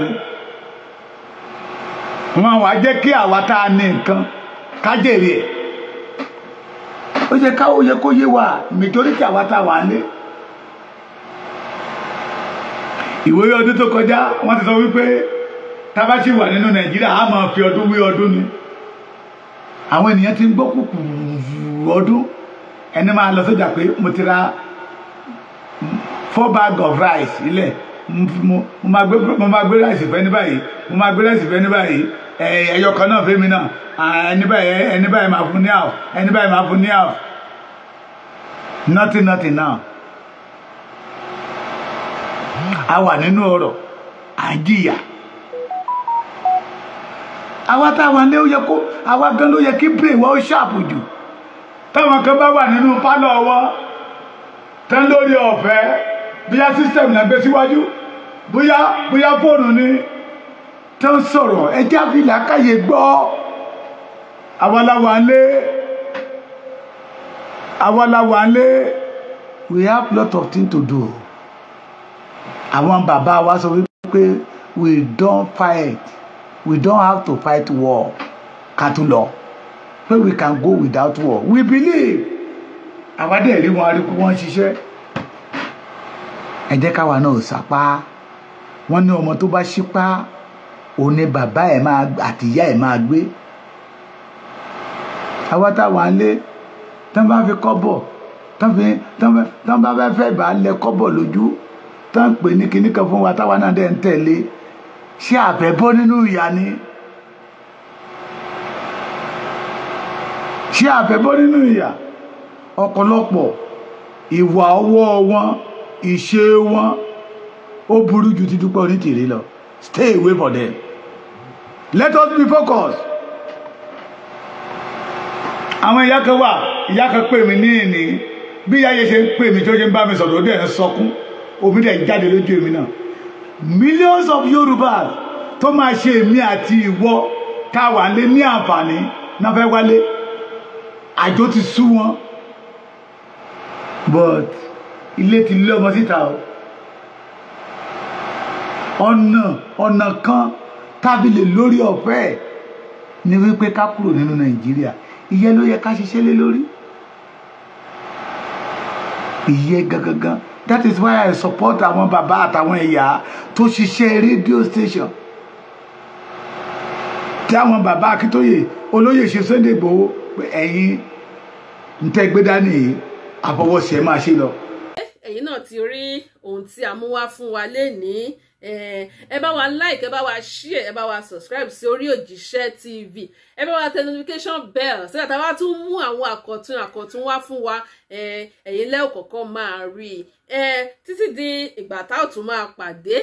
wọn wàá jẹ́ kí àwa tá a ní nǹkan ká ẹ̀ ó yẹ káwó yẹ kó yé wa mẹjọ́rìtì àwa tá a wà lé ìwòye ọdún tó kọjá wọn ti sọ wípé tábàṣì wà nínú Nàìjíríà á máa fi ọdún wé ọdún ni àwọn ènìyàn ti ń gbọ́ kùkù ọdún ẹni máa lọ sójà pé mo ti ra four bag of rice ilẹ̀ mo máa gbé láìsí fẹ́ ní báyìí mo máa gbé láìsí fẹ́ ní báyìí ẹyọ kan náà fẹ́mi náà ẹni báyìí ẹni báyìí máa fún ní àwọ̀ ẹni báyìí máa fún ní àwọ̀ nothing nothing now a wà nínú ọ̀rọ̀ à ń jìyà àwa tá a wà lé ó yẹ kó àwa gan ló yẹ kí brain wa ó ṣàpù jù táwọn kan bá wà nínú pálọ̀ ọwọ́ tán lórí ọ̀fẹ́ bóyá system náà gbé síwájú bóyá bóyá fóònù ni tó ń sọ̀rọ̀ ẹjẹ́ àfihàn àkàyè gbọ́ awalawa lé awalawa lé we have lot of things to do àwọn bàbá wa sọ wípé we don't fight we don't have to fight war ká tún lọ pé we can go without war we believe àwa dẹ̀ rí wọn arí kú wọ́n ṣiṣẹ́ ẹ jẹ́ káwa náà ò sapá wọ́n ní ọmọ tó bá ṣípá òun ni bàbá ẹ̀ máa àti ìyá ẹ̀ máa gbé àwa táwa ń lé tán bá fi kọ́bọ̀ tán bá fẹ́ bá lẹ kọ́bọ̀ lójú tán pè ní kinní kan fún wa táwa náà dẹ̀ ń tẹ̀lé ṣé àbẹ̀ bọ́ nínú ìyá ni ṣé àbẹ̀ bọ́ nínú ìyá ọ̀pọ̀lọpọ̀ ìwà ọwọ́ wọn ìṣe wọn ó burú ju ti Dúpẹ́ Onítìrí lọ stay away from them let us be focused àwọn ìyá kan wà ìyá kan pè mí ní ìní bí ìyá yẹn ṣe ń pè mí tí ó ṣe ń bá mi sọ̀rọ̀ ó dẹ̀ ń sọkún omi dẹ̀ jáde lójú èmi náà millions of Yorùbá tó máa ṣe èmi àti ìwọ tá a wà lé ní àǹfààní náà fẹ́ wálé àjò ti sú wọn but ilé ti lé ọmọ síta o ọ̀nà ọ̀nà kan tábìlì lórí ọ̀fẹ́ ni wípé ká kúrò nínú nàìjíríà ìyẹn ló yẹ ká ṣiṣẹ́ lé lórí ìyẹn gangan that is why i support àwọn bàbá àtàwọn ẹ̀yà tó ṣiṣẹ́ rédíò station tí àwọn bàbá akíntóyè olóyè ṣe Sunday Igboho ẹ̀yin ń tẹ́ gbé dání àfọwọ́sẹ̀ máa ṣe lọ ẹ̀yin náà ti rí ohun tí a mú wá fún wa lénìí ẹ bá wa like ẹ bá wa share ẹ bá wa subscribe sí orí òjíṣẹ́ tv ẹ bá wa tẹ notification bell ṣé àtàwọn bá tún mú àwọn àkọ̀tun àkọ̀tun wá fún wa ẹ̀yin lẹ́wọ̀ kọ̀ọ̀kan máa rí i títí di ìgbà tá ò tún máa pàdé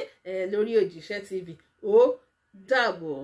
lórí òjíṣẹ́ tv ó dàbọ̀.